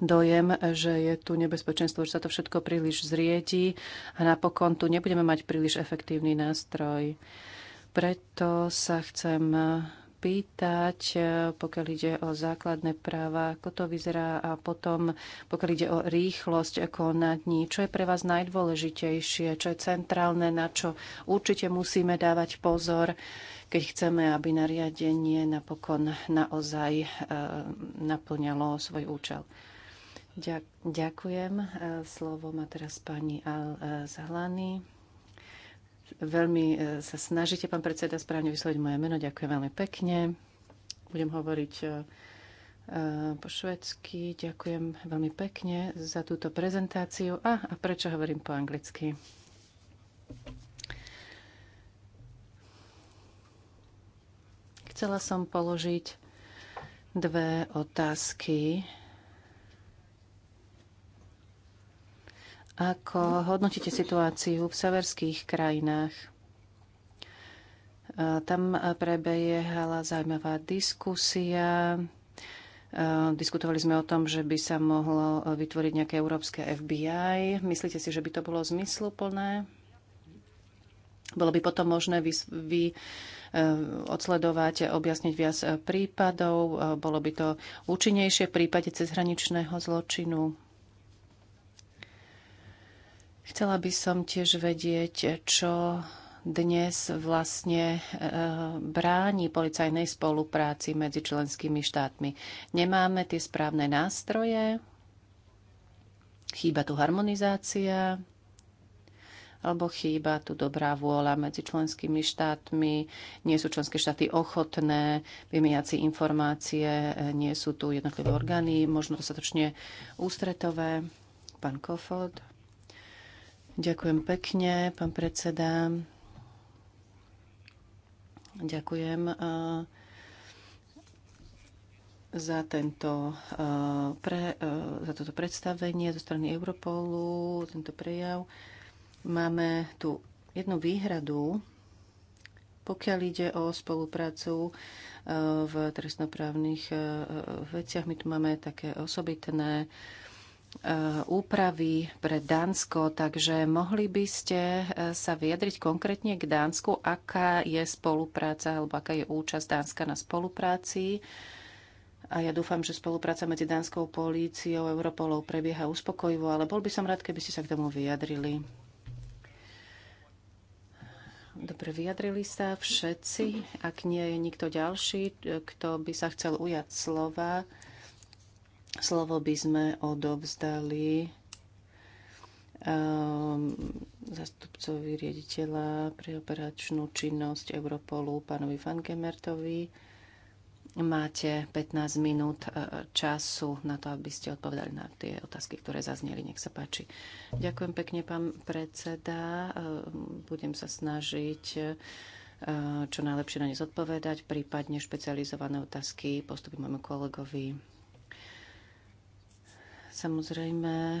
dojem, že je tu nebezpečenstvo, že sa to všetko príliš zriedi a napokon tu nebudeme mať príliš efektívny nástroj. Preto sa chcem spýtať, e, pokiaľ ide o základné práva, ako to vyzerá a potom, pokiaľ ide o rýchlosť konaní, čo je pre vás najdôležitejšie, čo je centrálne, na čo určite musíme dávať pozor, keď chceme, aby nariadenie napokon naozaj e, naplňalo svoj účel. Ďakujem. E, slovo má teraz pani Al Zahlany. Veľmi e, sa snažíte, pán predseda, správne vysloviť moje meno. Ďakujem veľmi pekne. Budem hovoriť e, e, po švedsky. Ďakujem veľmi pekne za túto prezentáciu. A, a prečo hovorím po anglicky? Chcela som položiť dve otázky Ako hodnotíte situáciu v severských krajinách? E, tam prebiehala zaujímavá diskusia. E, diskutovali sme o tom, že by sa mohlo vytvoriť nejaké európske FBI. Myslíte si, že by to bolo zmysluplné? Bolo by potom možné vy, vy e, odsledovať, objasniť viac prípadov? Bolo by to účinnejšie v prípade cezhraničného zločinu? Chcela by som tiež vedieť, čo dnes vlastne e, bráni policajnej spolupráci medzi členskými štátmi. Nemáme tie správne nástroje, chýba tu harmonizácia, alebo chýba tu dobrá vôľa medzi členskými štátmi, nie sú členské štáty ochotné vymieňať si informácie, e, nie sú tu jednotlivé orgány, možno dostatočne ústretové. Pán Kofod. Ďakujem pekne, pán predseda. Ďakujem eh, za, tento, eh, pre, eh, za toto predstavenie zo strany Europolu, tento prejav. Máme tu jednu výhradu, pokiaľ ide o spoluprácu v trestnoprávnych veciach. My tu máme také osobitné Eh, úpravy pre Dánsko, takže mohli by ste eh, sa vyjadriť konkrétne k Dánsku, aká je spolupráca alebo aká je účasť Dánska na spolupráci. A ja dúfam, že spolupráca medzi dánskou políciou a Europolou prebieha uspokojivo, ale bol by som rád, keby ste sa k tomu vyjadrili. Dobre, vyjadrili sa všetci. Ak nie je nikto ďalší, eh, kto by sa chcel ujať slova, Slovo by sme odovzdali um, zastupcovi riaditeľa pre operačnú činnosť Europolu, pánovi Fankemertovi. Máte 15 minút e, času na to, aby ste odpovedali na tie otázky, ktoré zazneli. Nech sa páči. Ďakujem pekne, pán predseda. E, budem sa snažiť e, čo najlepšie na ne zodpovedať, prípadne špecializované otázky postupím môjmu kolegovi Samozrejme, e, e,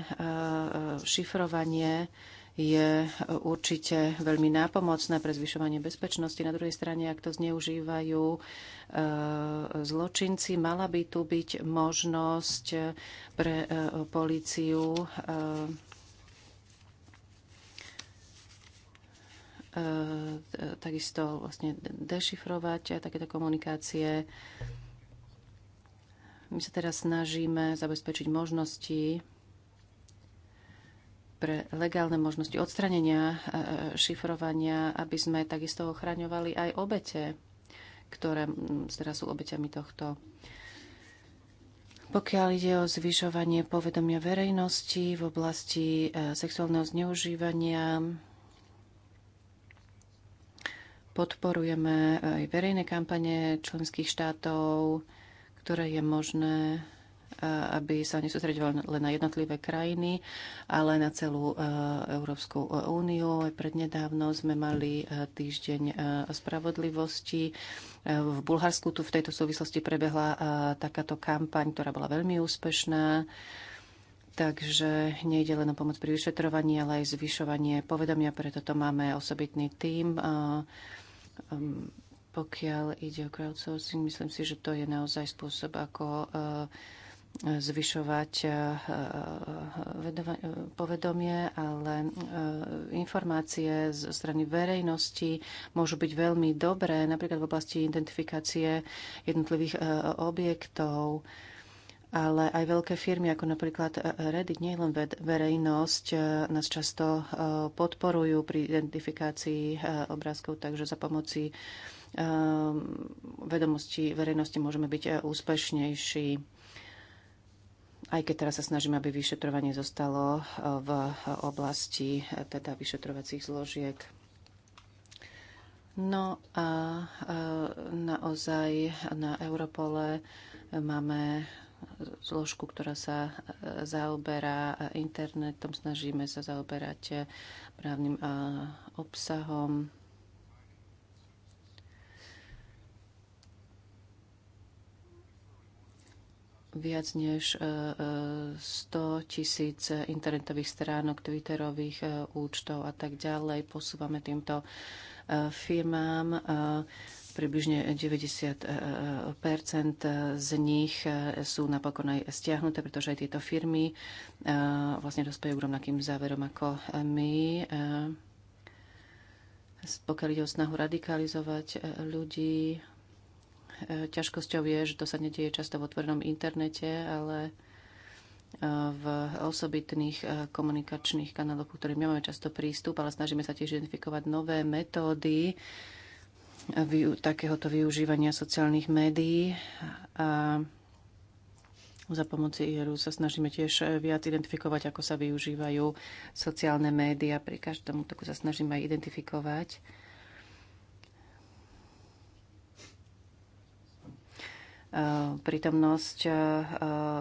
šifrovanie je určite veľmi nápomocné pre zvyšovanie bezpečnosti. Na druhej strane, ak to zneužívajú e, zločinci, mala by tu byť možnosť pre políciu takisto vlastne dešifrovať takéto komunikácie. My sa teraz snažíme zabezpečiť možnosti pre legálne možnosti odstranenia e, e, šifrovania, aby sme takisto ochraňovali aj obete, ktoré teraz sú obeťami tohto. Pokiaľ ide o zvyšovanie povedomia verejnosti v oblasti e, sexuálneho zneužívania, podporujeme aj verejné kampane členských štátov, ktoré je možné aby sa nesústredoval len na jednotlivé krajiny, ale na celú e, Európsku e, úniu. Aj prednedávno sme mali e, týždeň spravodlivosti. V Bulharsku tu v tejto súvislosti prebehla takáto kampaň, ktorá bola veľmi úspešná. Takže nejde len o pomoc pri vyšetrovaní, ale aj zvyšovanie povedomia, preto to máme osobitný tým. Pokiaľ ide o crowdsourcing, myslím si, že to je naozaj spôsob, ako e, e, zvyšovať e, povedomie, ale informácie zo strany verejnosti môžu byť veľmi dobré, napríklad v oblasti identifikácie jednotlivých objektov, ale aj veľké firmy, ako napríklad Reddit, nie len verejnosť, nás často podporujú pri identifikácii obrázkov, takže za pomoci Ehm, vedomosti verejnosti môžeme byť eh, úspešnejší, aj keď teraz sa snažíme, aby vyšetrovanie zostalo eh, v oblasti eh, teda vyšetrovacích zložiek. No a naozaj na Europole máme zložku, ktorá sa zaoberá internetom, snažíme sa zaoberať právnym obsahom viac než 100 e, e, tisíc internetových stránok, twitterových e, účtov a tak ďalej. Posúvame týmto firmám približne 90 z nich sú napokon aj stiahnuté, pretože aj tieto firmy vlastne dospejú k rovnakým záverom ako my. Pokiaľ ide o snahu radikalizovať ľudí, ťažkosťou je, že to sa nedieje často v otvorenom internete, ale e, v osobitných e, komunikačných kanáloch, ku ktorým nemáme často prístup, ale snažíme sa tiež identifikovať nové metódy e, takéhoto využívania sociálnych médií. A za pomoci IRU sa snažíme tiež viac identifikovať, ako sa využívajú sociálne médiá. Pri každom toku sa snažíme aj identifikovať Eh, prítomnosť eh, eh,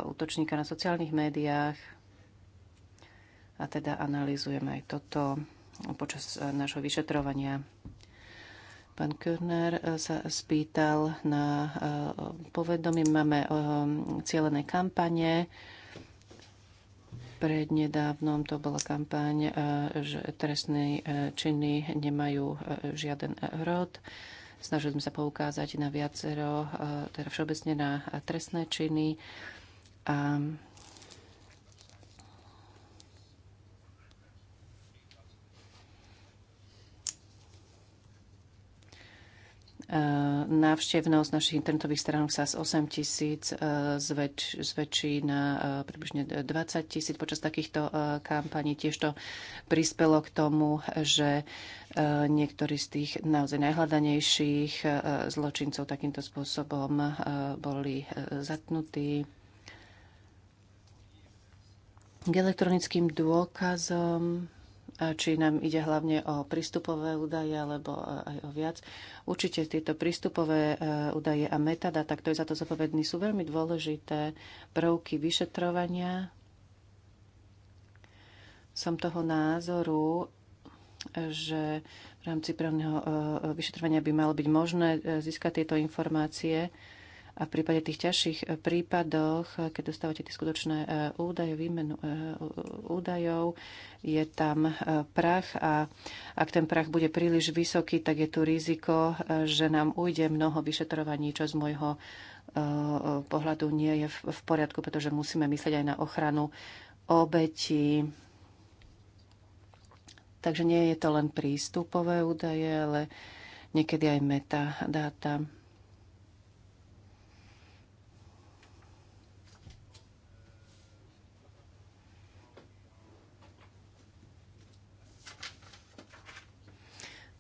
útočníka na sociálnych médiách. A teda analýzujeme aj toto počas nášho vyšetrovania. Pán Körner sa spýtal na povedomie. Máme cieľené kampane. Prednedávnom to bola kampaň, že trestné činy nemajú žiaden rod. Snažili sme sa poukázať na viacero, eh, teda všeobecne na trestné činy a Návštevnosť našich internetových stránok sa z 8 tisíc e, zväč, zväčší na e, približne 20 tisíc počas takýchto e, kampaní. Tiež to prispelo k tomu, že niektorí z tých naozaj najhľadanejších zločincov takýmto spôsobom boli zatnutí. K elektronickým dôkazom či nám ide hlavne o prístupové údaje alebo e, aj o viac. Určite tieto prístupové e, údaje a metadata, to je za to zodpovedný, sú veľmi dôležité prvky vyšetrovania. Som toho názoru, že v rámci právneho e, vyšetrovania by malo byť možné získať tieto informácie a v prípade tých ťažších e, prípadoch, e, keď dostávate tie skutočné e, údaje, výmenu údajov, je tam prach a ak ten prach bude príliš vysoký, tak je tu riziko, že nám ujde mnoho vyšetrovaní, čo z môjho pohľadu nie je v poriadku, pretože musíme myslieť aj na ochranu obetí. Takže nie je to len prístupové údaje, ale niekedy aj metadáta.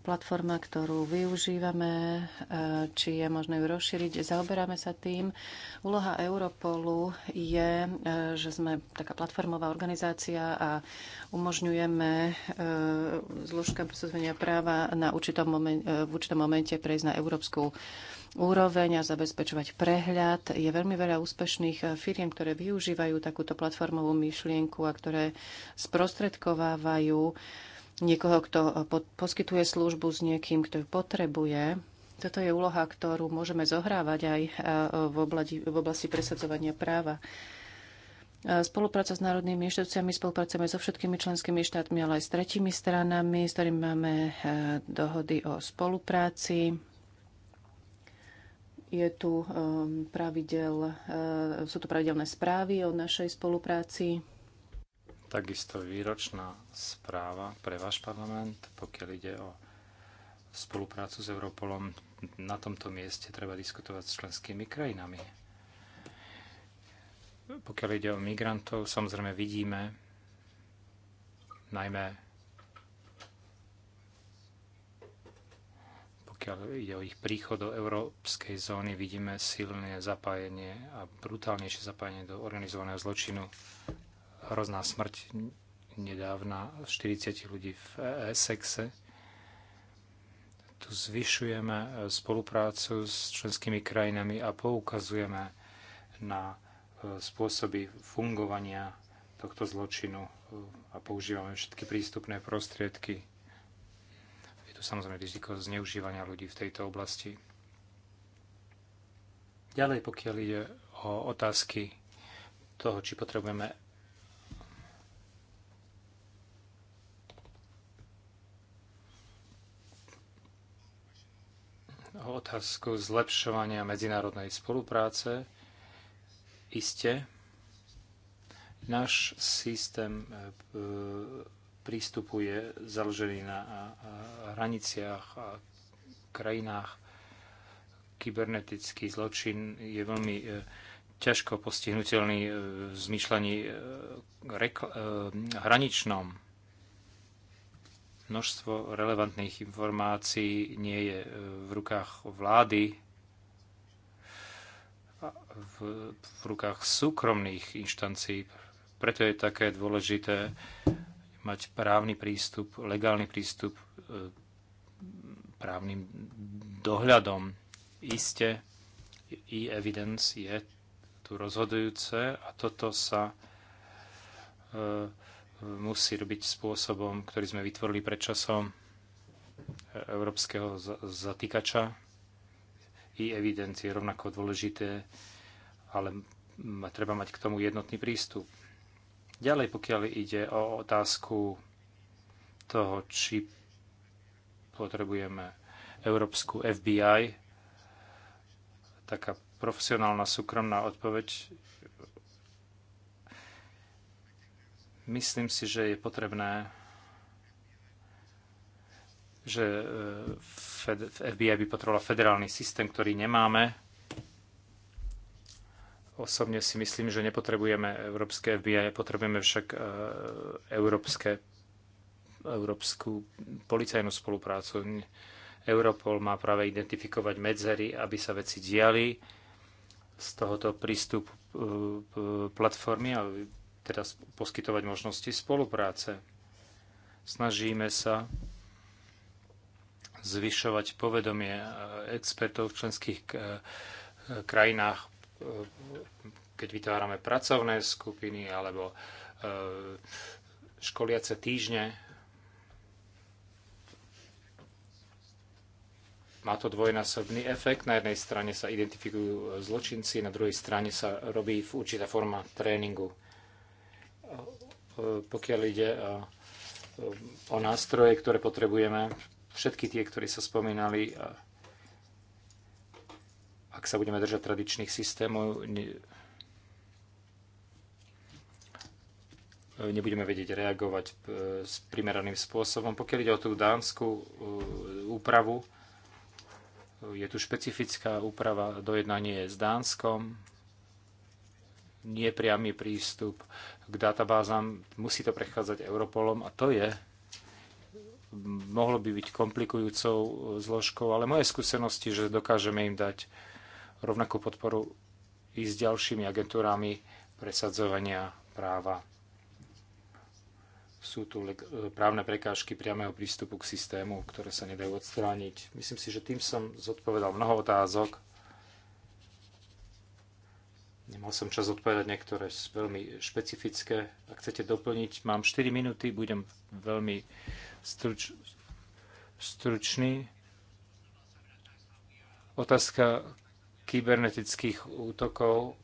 platforma, ktorú využívame, e, či je možné ju rozšíriť. Zaoberáme sa tým. Úloha Europolu je, e, že sme taká platformová organizácia a umožňujeme e, zložkám posúzenia práva na určitom momente, v určitom momente prejsť na európsku úroveň a zabezpečovať prehľad. Je veľmi veľa úspešných firiem, ktoré využívajú takúto platformovú myšlienku a ktoré sprostredkovávajú niekoho, kto eh, poskytuje službu s niekým, kto ju potrebuje. Toto je úloha, ktorú môžeme zohrávať aj eh, v oblasti, v oblasti presadzovania práva. Eh, spolupráca s národnými inštitúciami, spolupracujeme so všetkými členskými štátmi, ale aj s tretími stranami, s ktorými máme dohody o spolupráci. Je tu pravidel, sú tu pravidelné správy o našej spolupráci. Takisto výročná správa pre váš parlament, pokiaľ ide o spoluprácu s Europolom, na tomto mieste treba diskutovať s členskými krajinami. Pokiaľ ide o migrantov, samozrejme vidíme, najmä pokiaľ ide o ich príchod do európskej zóny, vidíme silné zapájenie a brutálnejšie zapájenie do organizovaného zločinu hrozná smrť nedávna 40 ľudí v Essexe. Tu zvyšujeme spoluprácu s členskými krajinami a poukazujeme na e, spôsoby fungovania tohto zločinu e, a používame všetky prístupné prostriedky. Je tu samozrejme riziko zneužívania ľudí v tejto oblasti. Ďalej, pokiaľ ide o otázky toho, či potrebujeme o otázku zlepšovania medzinárodnej spolupráce. isté náš systém e, prístupu je založený na hraniciach a krajinách. Kybernetický zločin je veľmi e, ťažko postihnutelný e, v zmyšľaní hraničnom Množstvo relevantných informácií nie je e, v rukách vlády, v, v rukách súkromných inštancií. Preto je také dôležité mať právny prístup, legálny prístup e, právnym dohľadom. Isté e-evidence je tu rozhodujúce a toto sa e, musí robiť spôsobom, ktorý sme vytvorili pred časom e, európskeho zatýkača. I evidencie je rovnako dôležité, ale treba mať k tomu jednotný prístup. Ďalej, pokiaľ ide o otázku toho, či potrebujeme európsku FBI, taká profesionálna súkromná odpoveď Myslím si, že je potrebné, že e, FBI by potrebovala federálny systém, ktorý nemáme. Osobne si myslím, že nepotrebujeme európske FBI, potrebujeme však e, európske, európsku policajnú spoluprácu. Europol má práve identifikovať medzery, aby sa veci diali z tohoto prístupu e, platformy teda poskytovať možnosti spolupráce. Snažíme sa zvyšovať povedomie e, expertov v členských e, krajinách, e, keď vytvárame pracovné skupiny alebo školiace týždne. Má to dvojnásobný efekt. Na jednej strane sa identifikujú zločinci, na druhej strane sa robí určitá forma tréningu pokiaľ ide o nástroje, ktoré potrebujeme, všetky tie, ktorí sa spomínali, ak sa budeme držať tradičných systémov, nebudeme vedieť reagovať e, s primeraným spôsobom. Pokiaľ ide o tú dánsku e, úpravu, e, je tu špecifická úprava dojednanie s Dánskom, nepriamy prístup k databázam, musí to prechádzať Europolom a to je mohlo by byť komplikujúcou zložkou, ale moje skúsenosti, že dokážeme im dať rovnakú podporu i s ďalšími agentúrami presadzovania práva. Sú tu právne prekážky priamého prístupu k systému, ktoré sa nedajú odstrániť. Myslím si, že tým som zodpovedal mnoho otázok Nemal som čas odpovedať niektoré veľmi špecifické. Ak chcete doplniť, mám 4 minúty, budem veľmi struč, stručný. Otázka kybernetických útokov.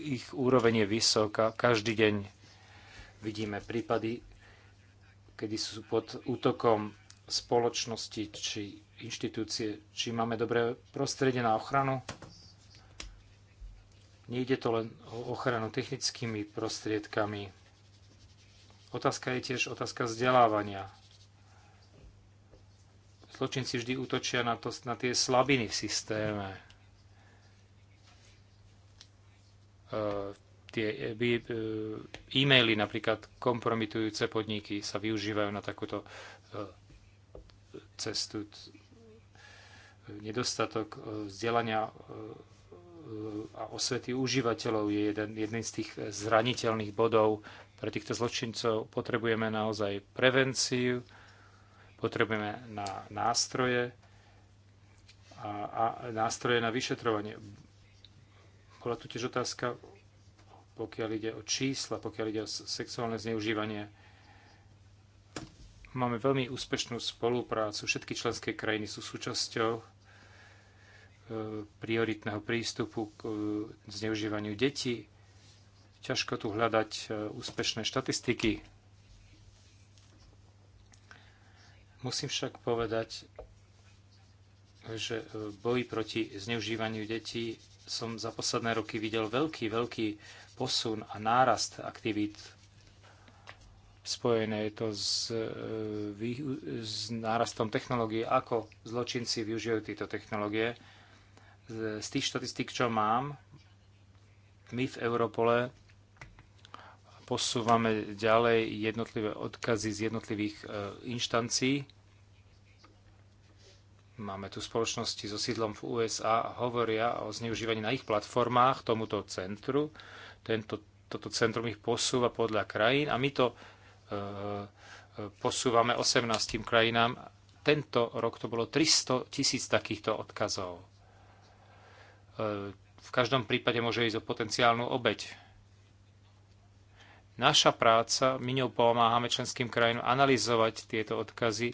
Ich úroveň je vysoká. Každý deň vidíme prípady, kedy sú pod útokom spoločnosti či inštitúcie. Či máme dobré prostredie na ochranu? Nejde to len o ochranu technickými prostriedkami. Otázka je tiež otázka vzdelávania. Zločinci vždy útočia na, to, na tie slabiny v systéme. E tie e, e, e-maily, napríklad kompromitujúce podniky sa využívajú na takúto e, cestu. Nedostatok vzdelania a osvety užívateľov je jeden, jeden z tých zraniteľných bodov. Pre týchto zločincov potrebujeme naozaj prevenciu, potrebujeme na nástroje a, a nástroje na vyšetrovanie. Bola tu tiež otázka, pokiaľ ide o čísla, pokiaľ ide o sexuálne zneužívanie. Máme veľmi úspešnú spoluprácu, všetky členské krajiny sú súčasťou prioritného prístupu k e, zneužívaniu detí. Ťažko tu hľadať e, úspešné štatistiky. Musím však povedať, že e, boji proti zneužívaniu detí som za posledné roky videl veľký, veľký posun a nárast aktivít. Spojené je to s, s nárastom technológie, ako zločinci využijú tieto technológie z tých štatistík, čo mám, my v Europole posúvame ďalej jednotlivé odkazy z jednotlivých e, inštancií. Máme tu spoločnosti so sídlom v USA, a hovoria o zneužívaní na ich platformách tomuto centru. Tento, toto centrum ich posúva podľa krajín a my to e, e, posúvame 18 krajinám. Tento rok to bolo 300 tisíc takýchto odkazov v každom prípade môže ísť o potenciálnu obeď. Naša práca, my ňou pomáhame členským krajinám analyzovať tieto odkazy,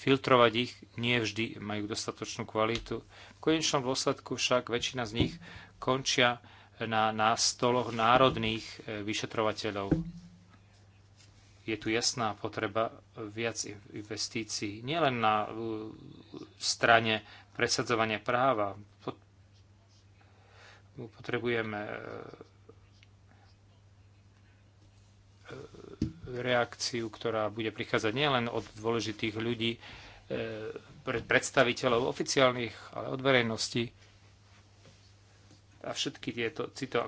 filtrovať ich, nie vždy majú dostatočnú kvalitu. V konečnom dôsledku však väčšina z nich končia na, na stoloch národných e, vyšetrovateľov. Je tu jasná potreba viac investícií, nielen na strane presadzovania práva, Potrebujeme e, e, reakciu, ktorá bude prichádzať nielen od dôležitých ľudí, e, predstaviteľov oficiálnych, ale od verejnosti. A všetky tieto, títo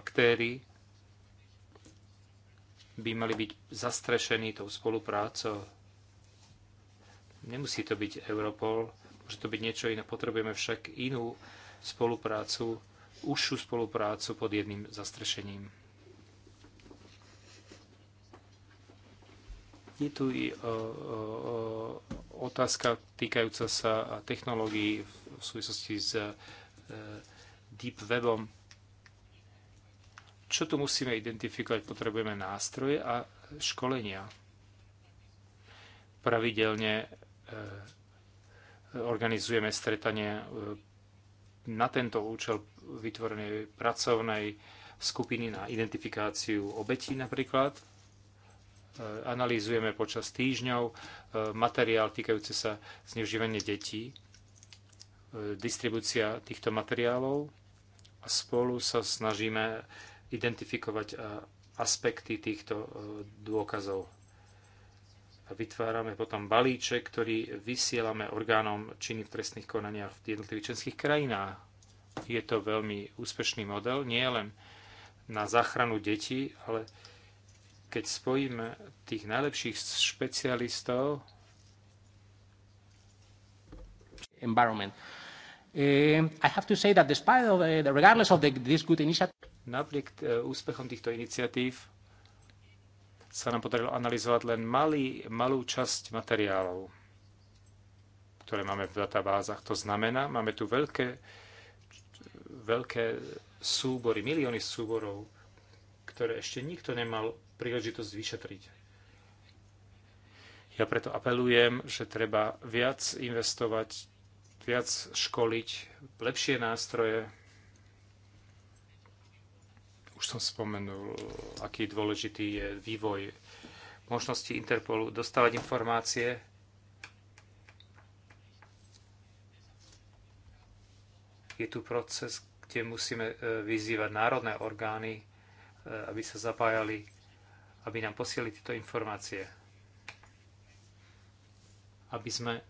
by mali byť zastrešení tou spoluprácou. Nemusí to byť Europol, môže to byť niečo iné. Potrebujeme však inú spoluprácu užšiu spoluprácu pod jedným zastrešením. Je tu i o, o, o, otázka týkajúca sa technológií v súvislosti s e, deep webom. Čo tu musíme identifikovať? Potrebujeme nástroje a školenia. Pravidelne e, organizujeme stretanie e, na tento účel vytvorenej pracovnej skupiny na identifikáciu obetí napríklad. E, analýzujeme počas týždňov e, materiál týkajúce sa zneužívania detí, e, distribúcia týchto materiálov a spolu sa snažíme identifikovať aspekty týchto dôkazov vytvárame potom balíček, ktorý vysielame orgánom činy v trestných konaniach v jednotlivých členských krajinách. Je to veľmi úspešný model, nie len na záchranu detí, ale keď spojíme tých najlepších špecialistov environment. Eh, I have to say that despite of, eh, regardless of the, this good initiative, Napriek eh, úspechom týchto iniciatív sa nám podarilo analyzovať len malý, malú časť materiálov, ktoré máme v databázach. To znamená, máme tu veľké, veľké súbory, milióny súborov, ktoré ešte nikto nemal príležitosť vyšetriť. Ja preto apelujem, že treba viac investovať, viac školiť, lepšie nástroje, už som spomenul, aký dôležitý je vývoj možnosti Interpolu dostávať informácie. Je tu proces, kde musíme e, vyzývať národné orgány, e, aby sa zapájali, aby nám posielili tieto informácie. Aby sme e,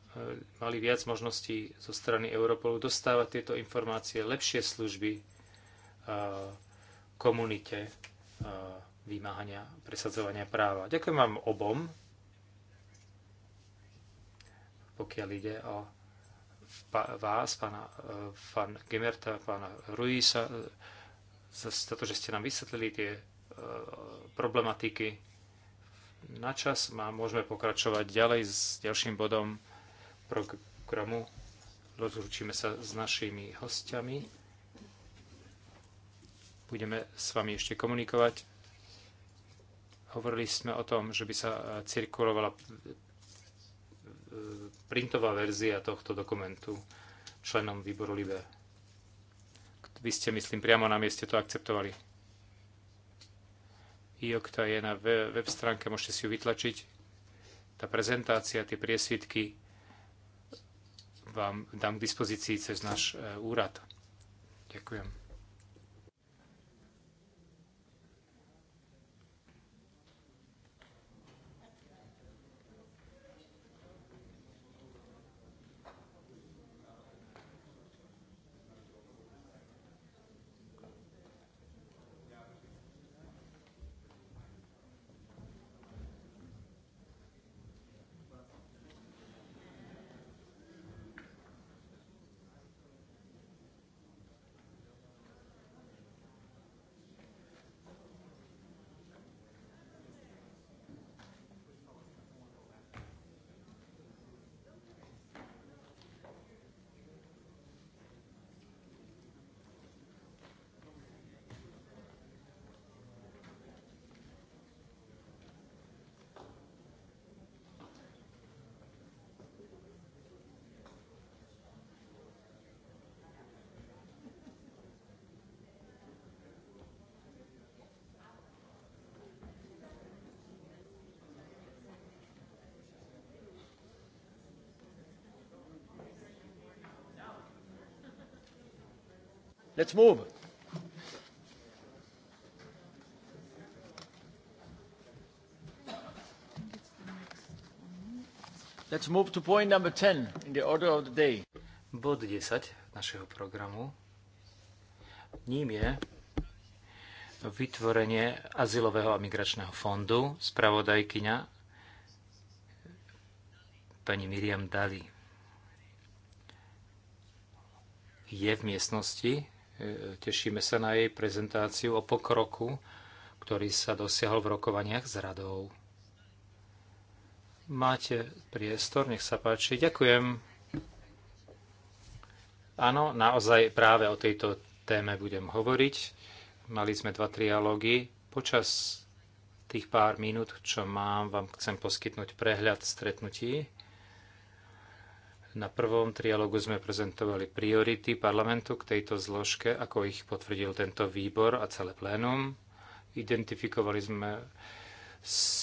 mali viac možností zo strany Europolu dostávať tieto informácie, lepšie služby, komunite eh, vymáhania, presadzovania práva. Ďakujem vám obom, pokiaľ ide o vás, pána Van eh, Gemerta, pána Ruisa, za to, že ste nám vysvetlili tie eh, problematiky. Na čas má, môžeme pokračovať ďalej s ďalším bodom programu. Rozlučíme sa s našimi hostiami budeme s vami ešte komunikovať. Hovorili sme o tom, že by sa cirkulovala e, printová verzia tohto dokumentu členom výboru LIBE. Vy ste, myslím, priamo na mieste to akceptovali. IOKTA je na web stránke, môžete si ju vytlačiť. Tá prezentácia, tie priesvitky vám dám k dispozícii cez náš e, úrad. Ďakujem. Let's move. Let's move to point number 10 in the order of the day. Bod 10 našeho programu. Ním je vytvorenie azylového a migračného fondu, spravodajkyňa pani Miriam Dali. Je v miestnosti, Tešíme sa na jej prezentáciu o pokroku, ktorý sa dosiahol v rokovaniach s radou. Máte priestor, nech sa páči. Ďakujem. Áno, naozaj práve o tejto téme budem hovoriť. Mali sme dva trialógy. Počas tých pár minút, čo mám, vám chcem poskytnúť prehľad stretnutí na prvom trialogu sme prezentovali priority parlamentu k tejto zložke, ako ich potvrdil tento výbor a celé plénum. Identifikovali sme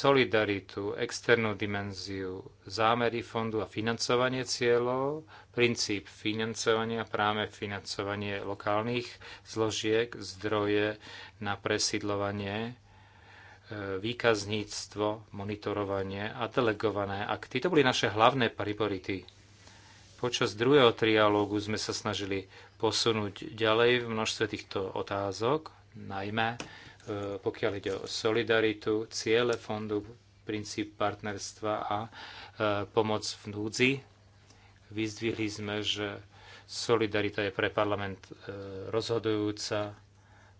solidaritu, externú dimenziu, zámery fondu a financovanie cieľov, princíp financovania, práve financovanie lokálnych zložiek, zdroje na presídlovanie, e, výkazníctvo, monitorovanie a delegované akty. To boli naše hlavné priority Počas druhého trialógu sme sa snažili posunúť ďalej v množstve týchto otázok, najmä e, pokiaľ ide o solidaritu, ciele fondu, princíp partnerstva a e, pomoc v núdzi. Vyzdvihli sme, že solidarita je pre parlament e, rozhodujúca.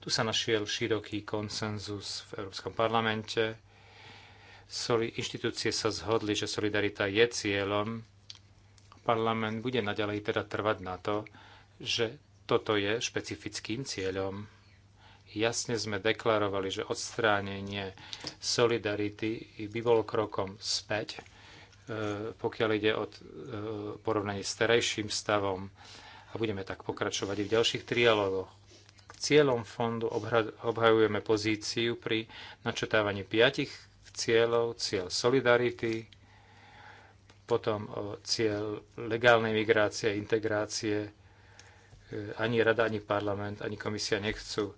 Tu sa našiel široký konsenzus v Európskom parlamente. Inštitúcie sa zhodli, že solidarita je cieľom Parlament bude naďalej teda trvať na to, že toto je špecifickým cieľom. Jasne sme deklarovali, že odstránenie solidarity by bol krokom späť, e, pokiaľ ide o e, porovnanie s terajším stavom a budeme tak pokračovať i v ďalších trialogoch. K cieľom fondu obhajujeme pozíciu pri načetávaní piatich cieľov, cieľ solidarity, potom cieľ legálnej migrácie, integrácie. E, ani rada, ani parlament, ani komisia nechcú e,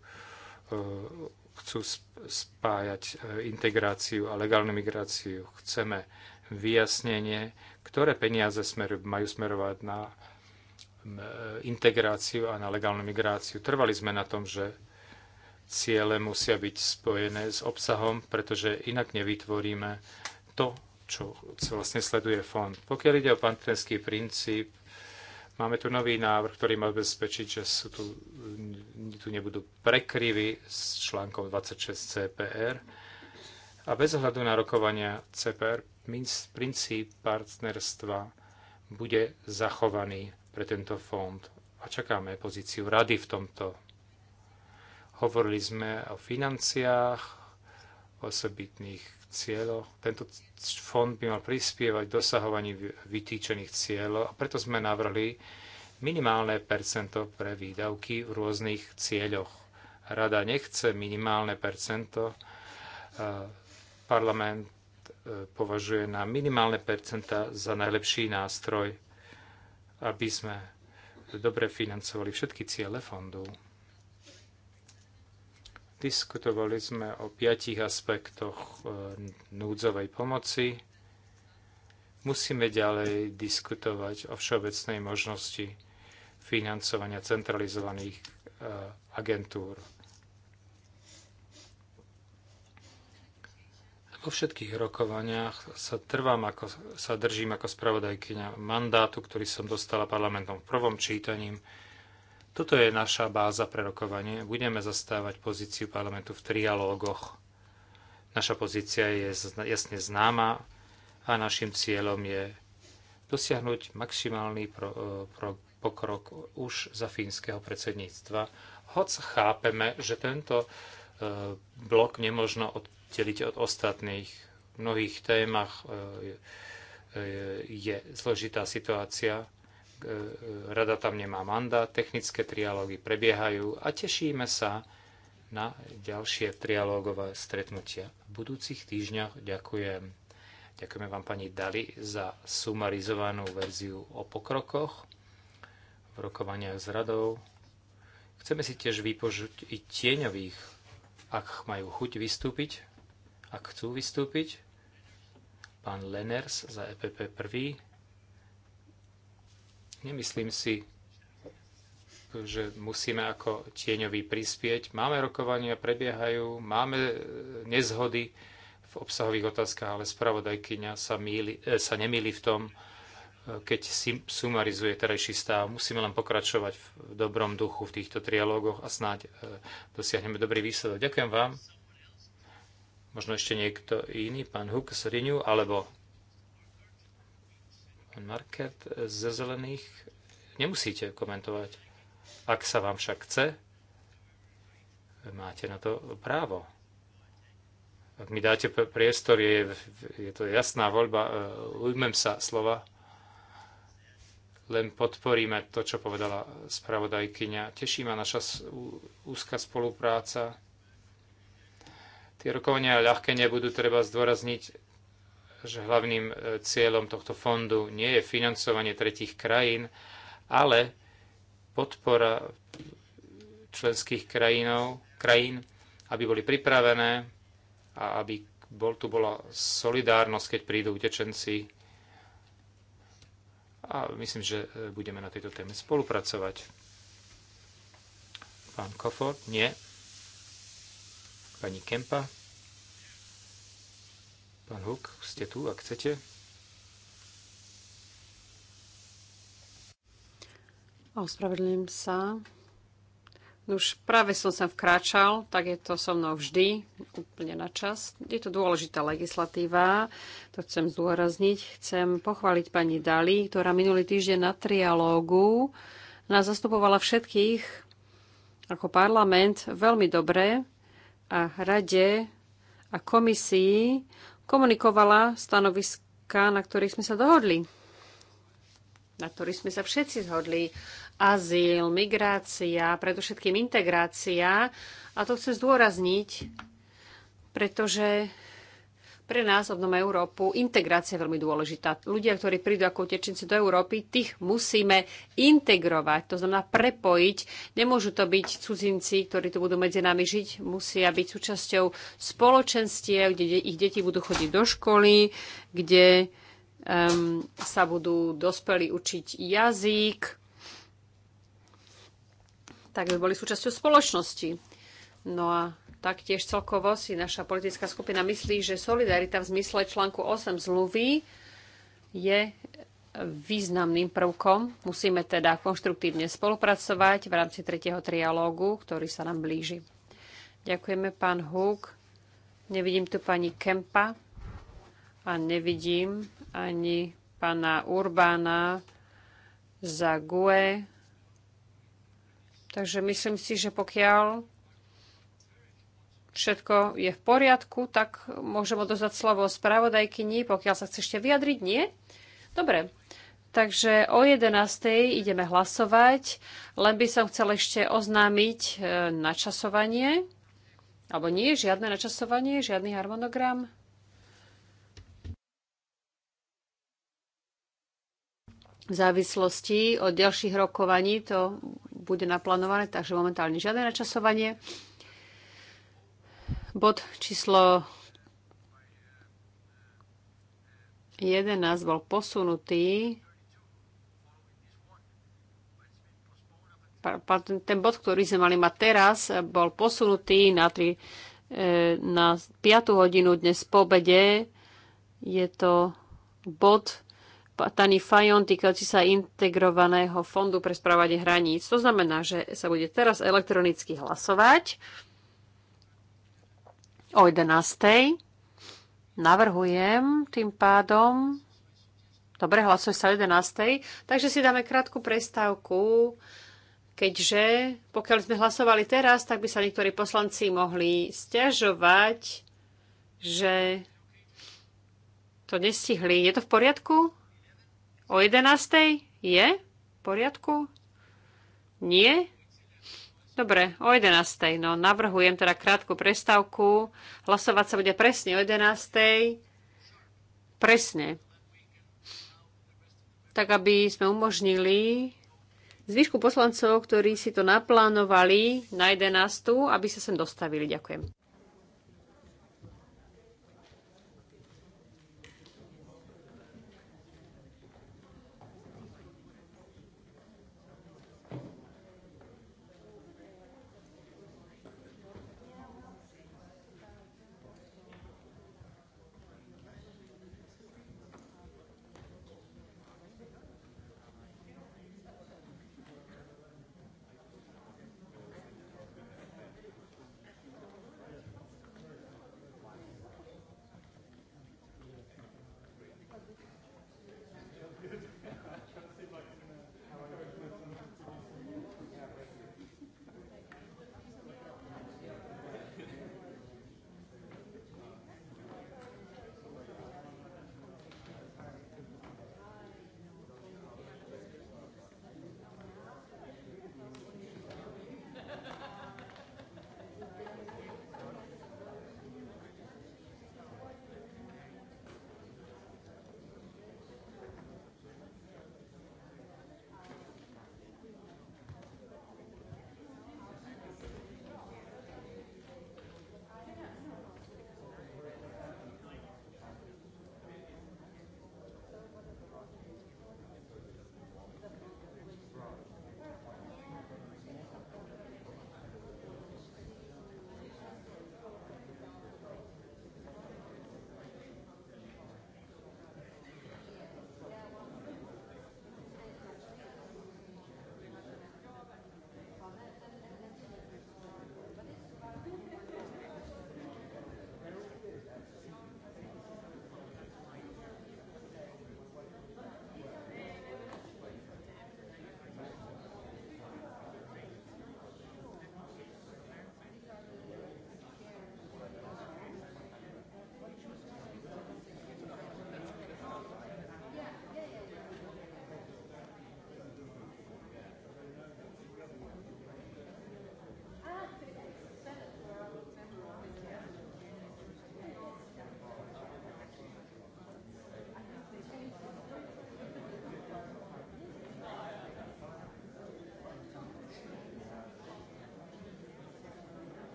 chcú spájať e, integráciu a legálnu migráciu. Chceme vyjasnenie, ktoré peniaze majú smerovať na integráciu a na legálnu migráciu. Trvali sme na tom, že ciele musia byť spojené s obsahom, pretože inak nevytvoríme to, čo vlastne sleduje fond. Pokiaľ ide o partnerský princíp, máme tu nový návrh, ktorý má zabezpečiť, že sú tu, tu nebudú prekryvy s článkom 26 CPR. A bez ohľadu na rokovania CPR, princíp partnerstva bude zachovaný pre tento fond. A čakáme pozíciu rady v tomto. Hovorili sme o financiách, osobitných cieľoch. Tento fond by mal prispievať dosahovaní vytýčených cieľov a preto sme navrhli minimálne percento pre výdavky v rôznych cieľoch. Rada nechce minimálne percento, parlament e, považuje na minimálne percenta za najlepší nástroj, aby sme dobre financovali všetky ciele fondov. Diskutovali sme o piatich aspektoch e, núdzovej pomoci. Musíme ďalej diskutovať o všeobecnej možnosti financovania centralizovaných e, agentúr. Vo všetkých rokovaniach sa trvám, ako, sa držím ako spravodajkyňa mandátu, ktorý som dostala parlamentom v prvom čítaním toto je naša báza pre rokovanie. Budeme zastávať pozíciu parlamentu v trialógoch. Naša pozícia je jasne známa a našim cieľom je dosiahnuť maximálny pro, e, pro, pokrok už za fínskeho predsedníctva. Hoc chápeme, že tento e, blok nemôžno oddeliť od ostatných. V mnohých témach e, je zložitá situácia E, e, rada tam nemá mandát, technické trialógy prebiehajú a tešíme sa na ďalšie trialógové stretnutia v budúcich týždňoch. Ďakujem. Ďakujeme vám pani Dali za sumarizovanú verziu o pokrokoch v rokovaniach s radou. Chceme si tiež vypožuť i tieňových, ak majú chuť vystúpiť, ak chcú vystúpiť. Pán Leners za EPP 1 Nemyslím si, že musíme ako tieňový prispieť. Máme rokovania, prebiehajú, máme e, nezhody v obsahových otázkach, ale spravodajkyňa sa, míli, e, sa nemýli v tom, e, keď sumarizuje terajší stav. Musíme len pokračovať v dobrom duchu v týchto trialógoch a snáď dosiahneme dobrý výsledok. Ďakujem vám. Možno ešte niekto iný, pán Huk z alebo Pán Market eh, ze zelených nemusíte komentovať. Ak sa vám však chce, eh, máte na to právo. Ak mi dáte priestor, je, je to jasná voľba, eh, ujmem sa slova. Len podporíme to, čo povedala spravodajkyňa. Teší ma naša úzka spolupráca. Tie rokovania ľahké nebudú, treba zdôrazniť že hlavným e, cieľom tohto fondu nie je financovanie tretich krajín, ale podpora členských krajinov, krajín, aby boli pripravené a aby bol, tu bola solidárnosť, keď prídu utečenci. A myslím, že e, budeme na tejto téme spolupracovať. Pán Kofor? Nie. Pani Kempa? Pán Huk, ste tu, ak chcete. Ospravedlím sa. Už práve som sa vkráčal, tak je to so mnou vždy, úplne na čas. Je to dôležitá legislatíva, to chcem zdôrazniť. Chcem pochváliť pani Dali, ktorá minulý týždeň na trialógu nás zastupovala všetkých ako parlament veľmi dobre a rade a komisii komunikovala stanoviska, na ktorých sme sa dohodli, na ktorých sme sa všetci zhodli. Azyl, migrácia, predovšetkým integrácia. A to chcem zdôrazniť, pretože pre nás, obnom Európu, integrácia je veľmi dôležitá. Ľudia, ktorí prídu ako utečenci do Európy, tých musíme integrovať, to znamená prepojiť. Nemôžu to byť cudzinci, ktorí tu budú medzi nami žiť, musia byť súčasťou spoločenstie, kde ich deti budú chodiť do školy, kde um, sa budú dospelí učiť jazyk, tak by boli súčasťou spoločnosti. No a Taktiež celkovo si naša politická skupina myslí, že solidarita v zmysle článku 8 zmluvy je významným prvkom. Musíme teda konštruktívne spolupracovať v rámci tretieho trialógu, ktorý sa nám blíži. Ďakujeme, pán Hug. Nevidím tu pani Kempa a nevidím ani pána Urbána za GUE. Takže myslím si, že pokiaľ všetko je v poriadku, tak môžem odozvať slovo spravodajkyni, pokiaľ sa chce ešte vyjadriť. Nie? Dobre. Takže o 11.00 ideme hlasovať. Len by som chcel ešte oznámiť e, načasovanie. Alebo nie, žiadne načasovanie, žiadny harmonogram. v závislosti od ďalších rokovaní to bude naplánované, takže momentálne žiadne načasovanie. Bod číslo 11 bol posunutý. Ten bod, ktorý sme mali mať teraz, bol posunutý na, 3, e, na 5. hodinu dnes po obede. Je to bod Tani Fajon týkajúci sa integrovaného fondu pre správanie hraníc. To znamená, že sa bude teraz elektronicky hlasovať o 11. Navrhujem tým pádom, dobre, hlasuje sa o 11. Takže si dáme krátku prestávku, keďže pokiaľ sme hlasovali teraz, tak by sa niektorí poslanci mohli stiažovať, že to nestihli. Je to v poriadku? O 11. je v poriadku? Nie? Dobre, o 11. No, navrhujem teda krátku prestávku. Hlasovať sa bude presne o 11. Presne. Tak, aby sme umožnili zvyšku poslancov, ktorí si to naplánovali na 11. aby sa sem dostavili. Ďakujem.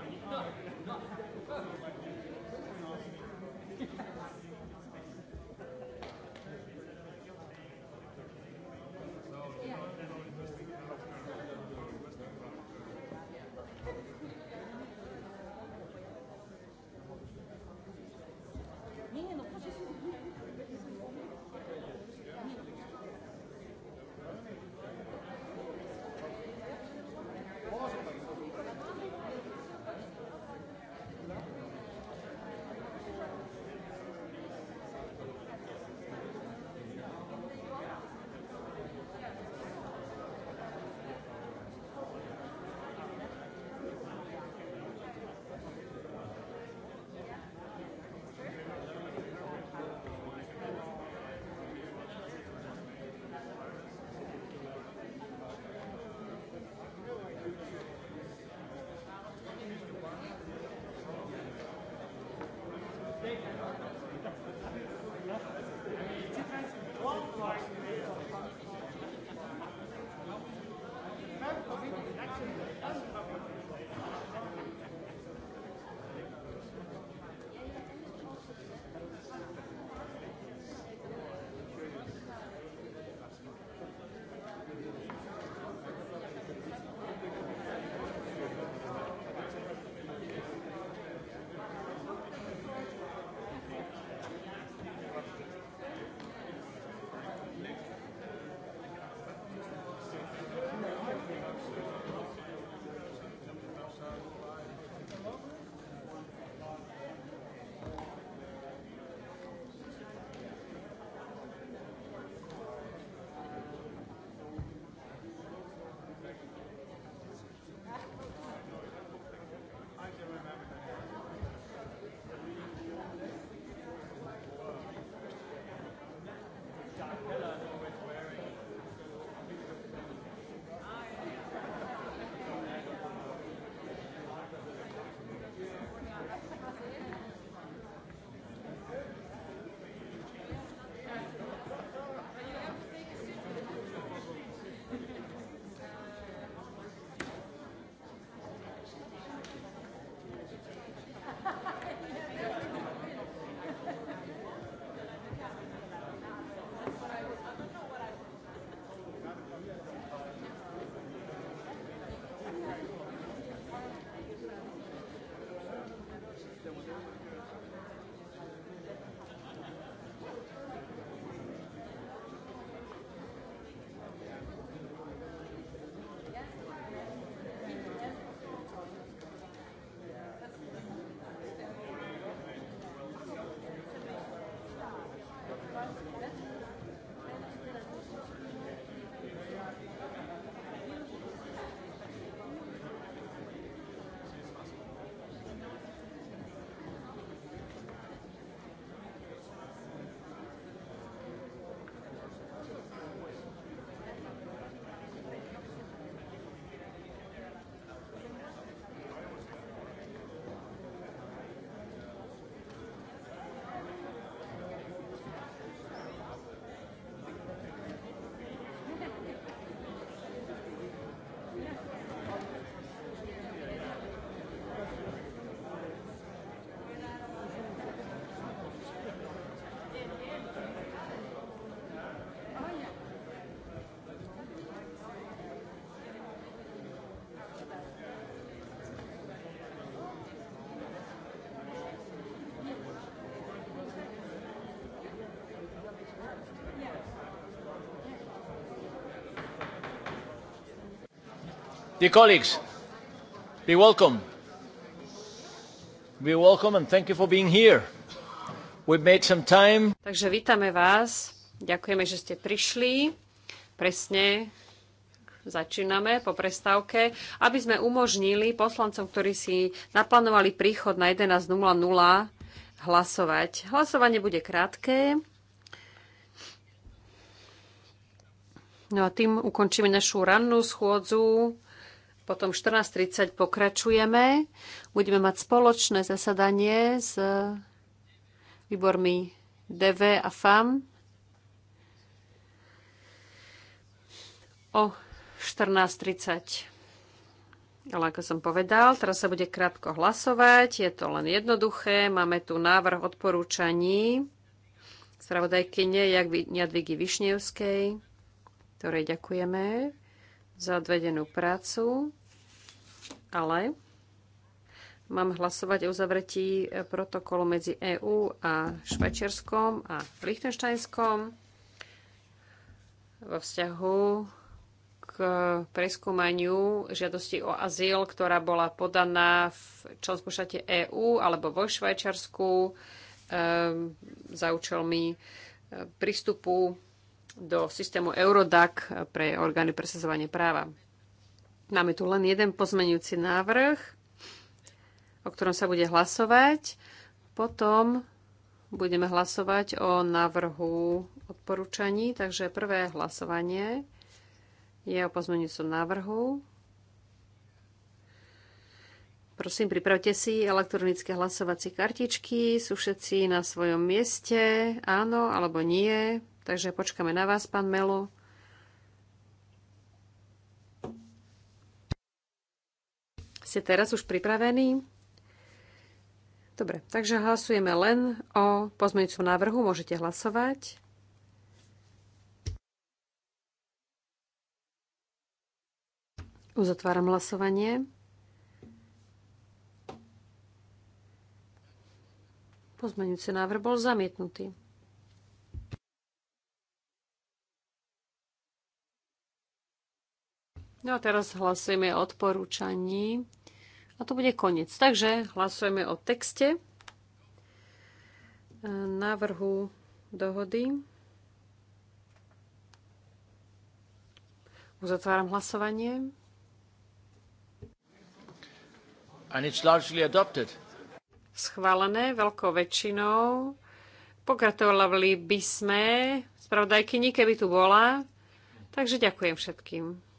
about Dear colleagues, be welcome. Be welcome and thank you for being here. We've made some time. Takže vítame vás. Ďakujeme, že ste prišli. Presne začíname po prestávke, aby sme umožnili poslancom, ktorí si naplánovali príchod na 11.00 hlasovať. Hlasovanie bude krátke. No a tým ukončíme našu rannú schôdzu. Potom 14.30 pokračujeme. Budeme mať spoločné zasadanie s výbormi DV a FAM o 14.30. Ale ako som povedal, teraz sa bude krátko hlasovať, je to len jednoduché. Máme tu návrh odporúčaní spravodajkyne Jadvigy Višnevskej, ktorej ďakujeme za odvedenú prácu, ale mám hlasovať o uzavretí eh, protokolu medzi EÚ a Švajčiarskom a Lichtensteinskom vo vzťahu k preskúmaniu žiadosti o azyl, ktorá bola podaná v členskom štáte EÚ alebo vo Švajčiarsku e, za účelmi eh, prístupu do systému Eurodac pre orgány presadzovania práva. Máme tu len jeden pozmenujúci návrh, o ktorom sa bude hlasovať. Potom budeme hlasovať o návrhu odporúčaní. Takže prvé hlasovanie je o pozmenujúcom návrhu. Prosím, pripravte si elektronické hlasovacie kartičky. Sú všetci na svojom mieste? Áno alebo nie? Takže počkáme na vás, pán Melo. Ste teraz už pripravení? Dobre, takže hlasujeme len o pozmeňujúcom návrhu. Môžete hlasovať. Uzatváram hlasovanie. Pozmeňujúci návrh bol zamietnutý. No a teraz hlasujeme o odporúčaní. A to bude koniec. Takže hlasujeme o texte e, návrhu dohody. Uzatváram hlasovanie. And it's largely adopted. Schválené veľkou väčšinou. Pokratovali by sme spravodajkyni, keby tu bola. Takže ďakujem všetkým.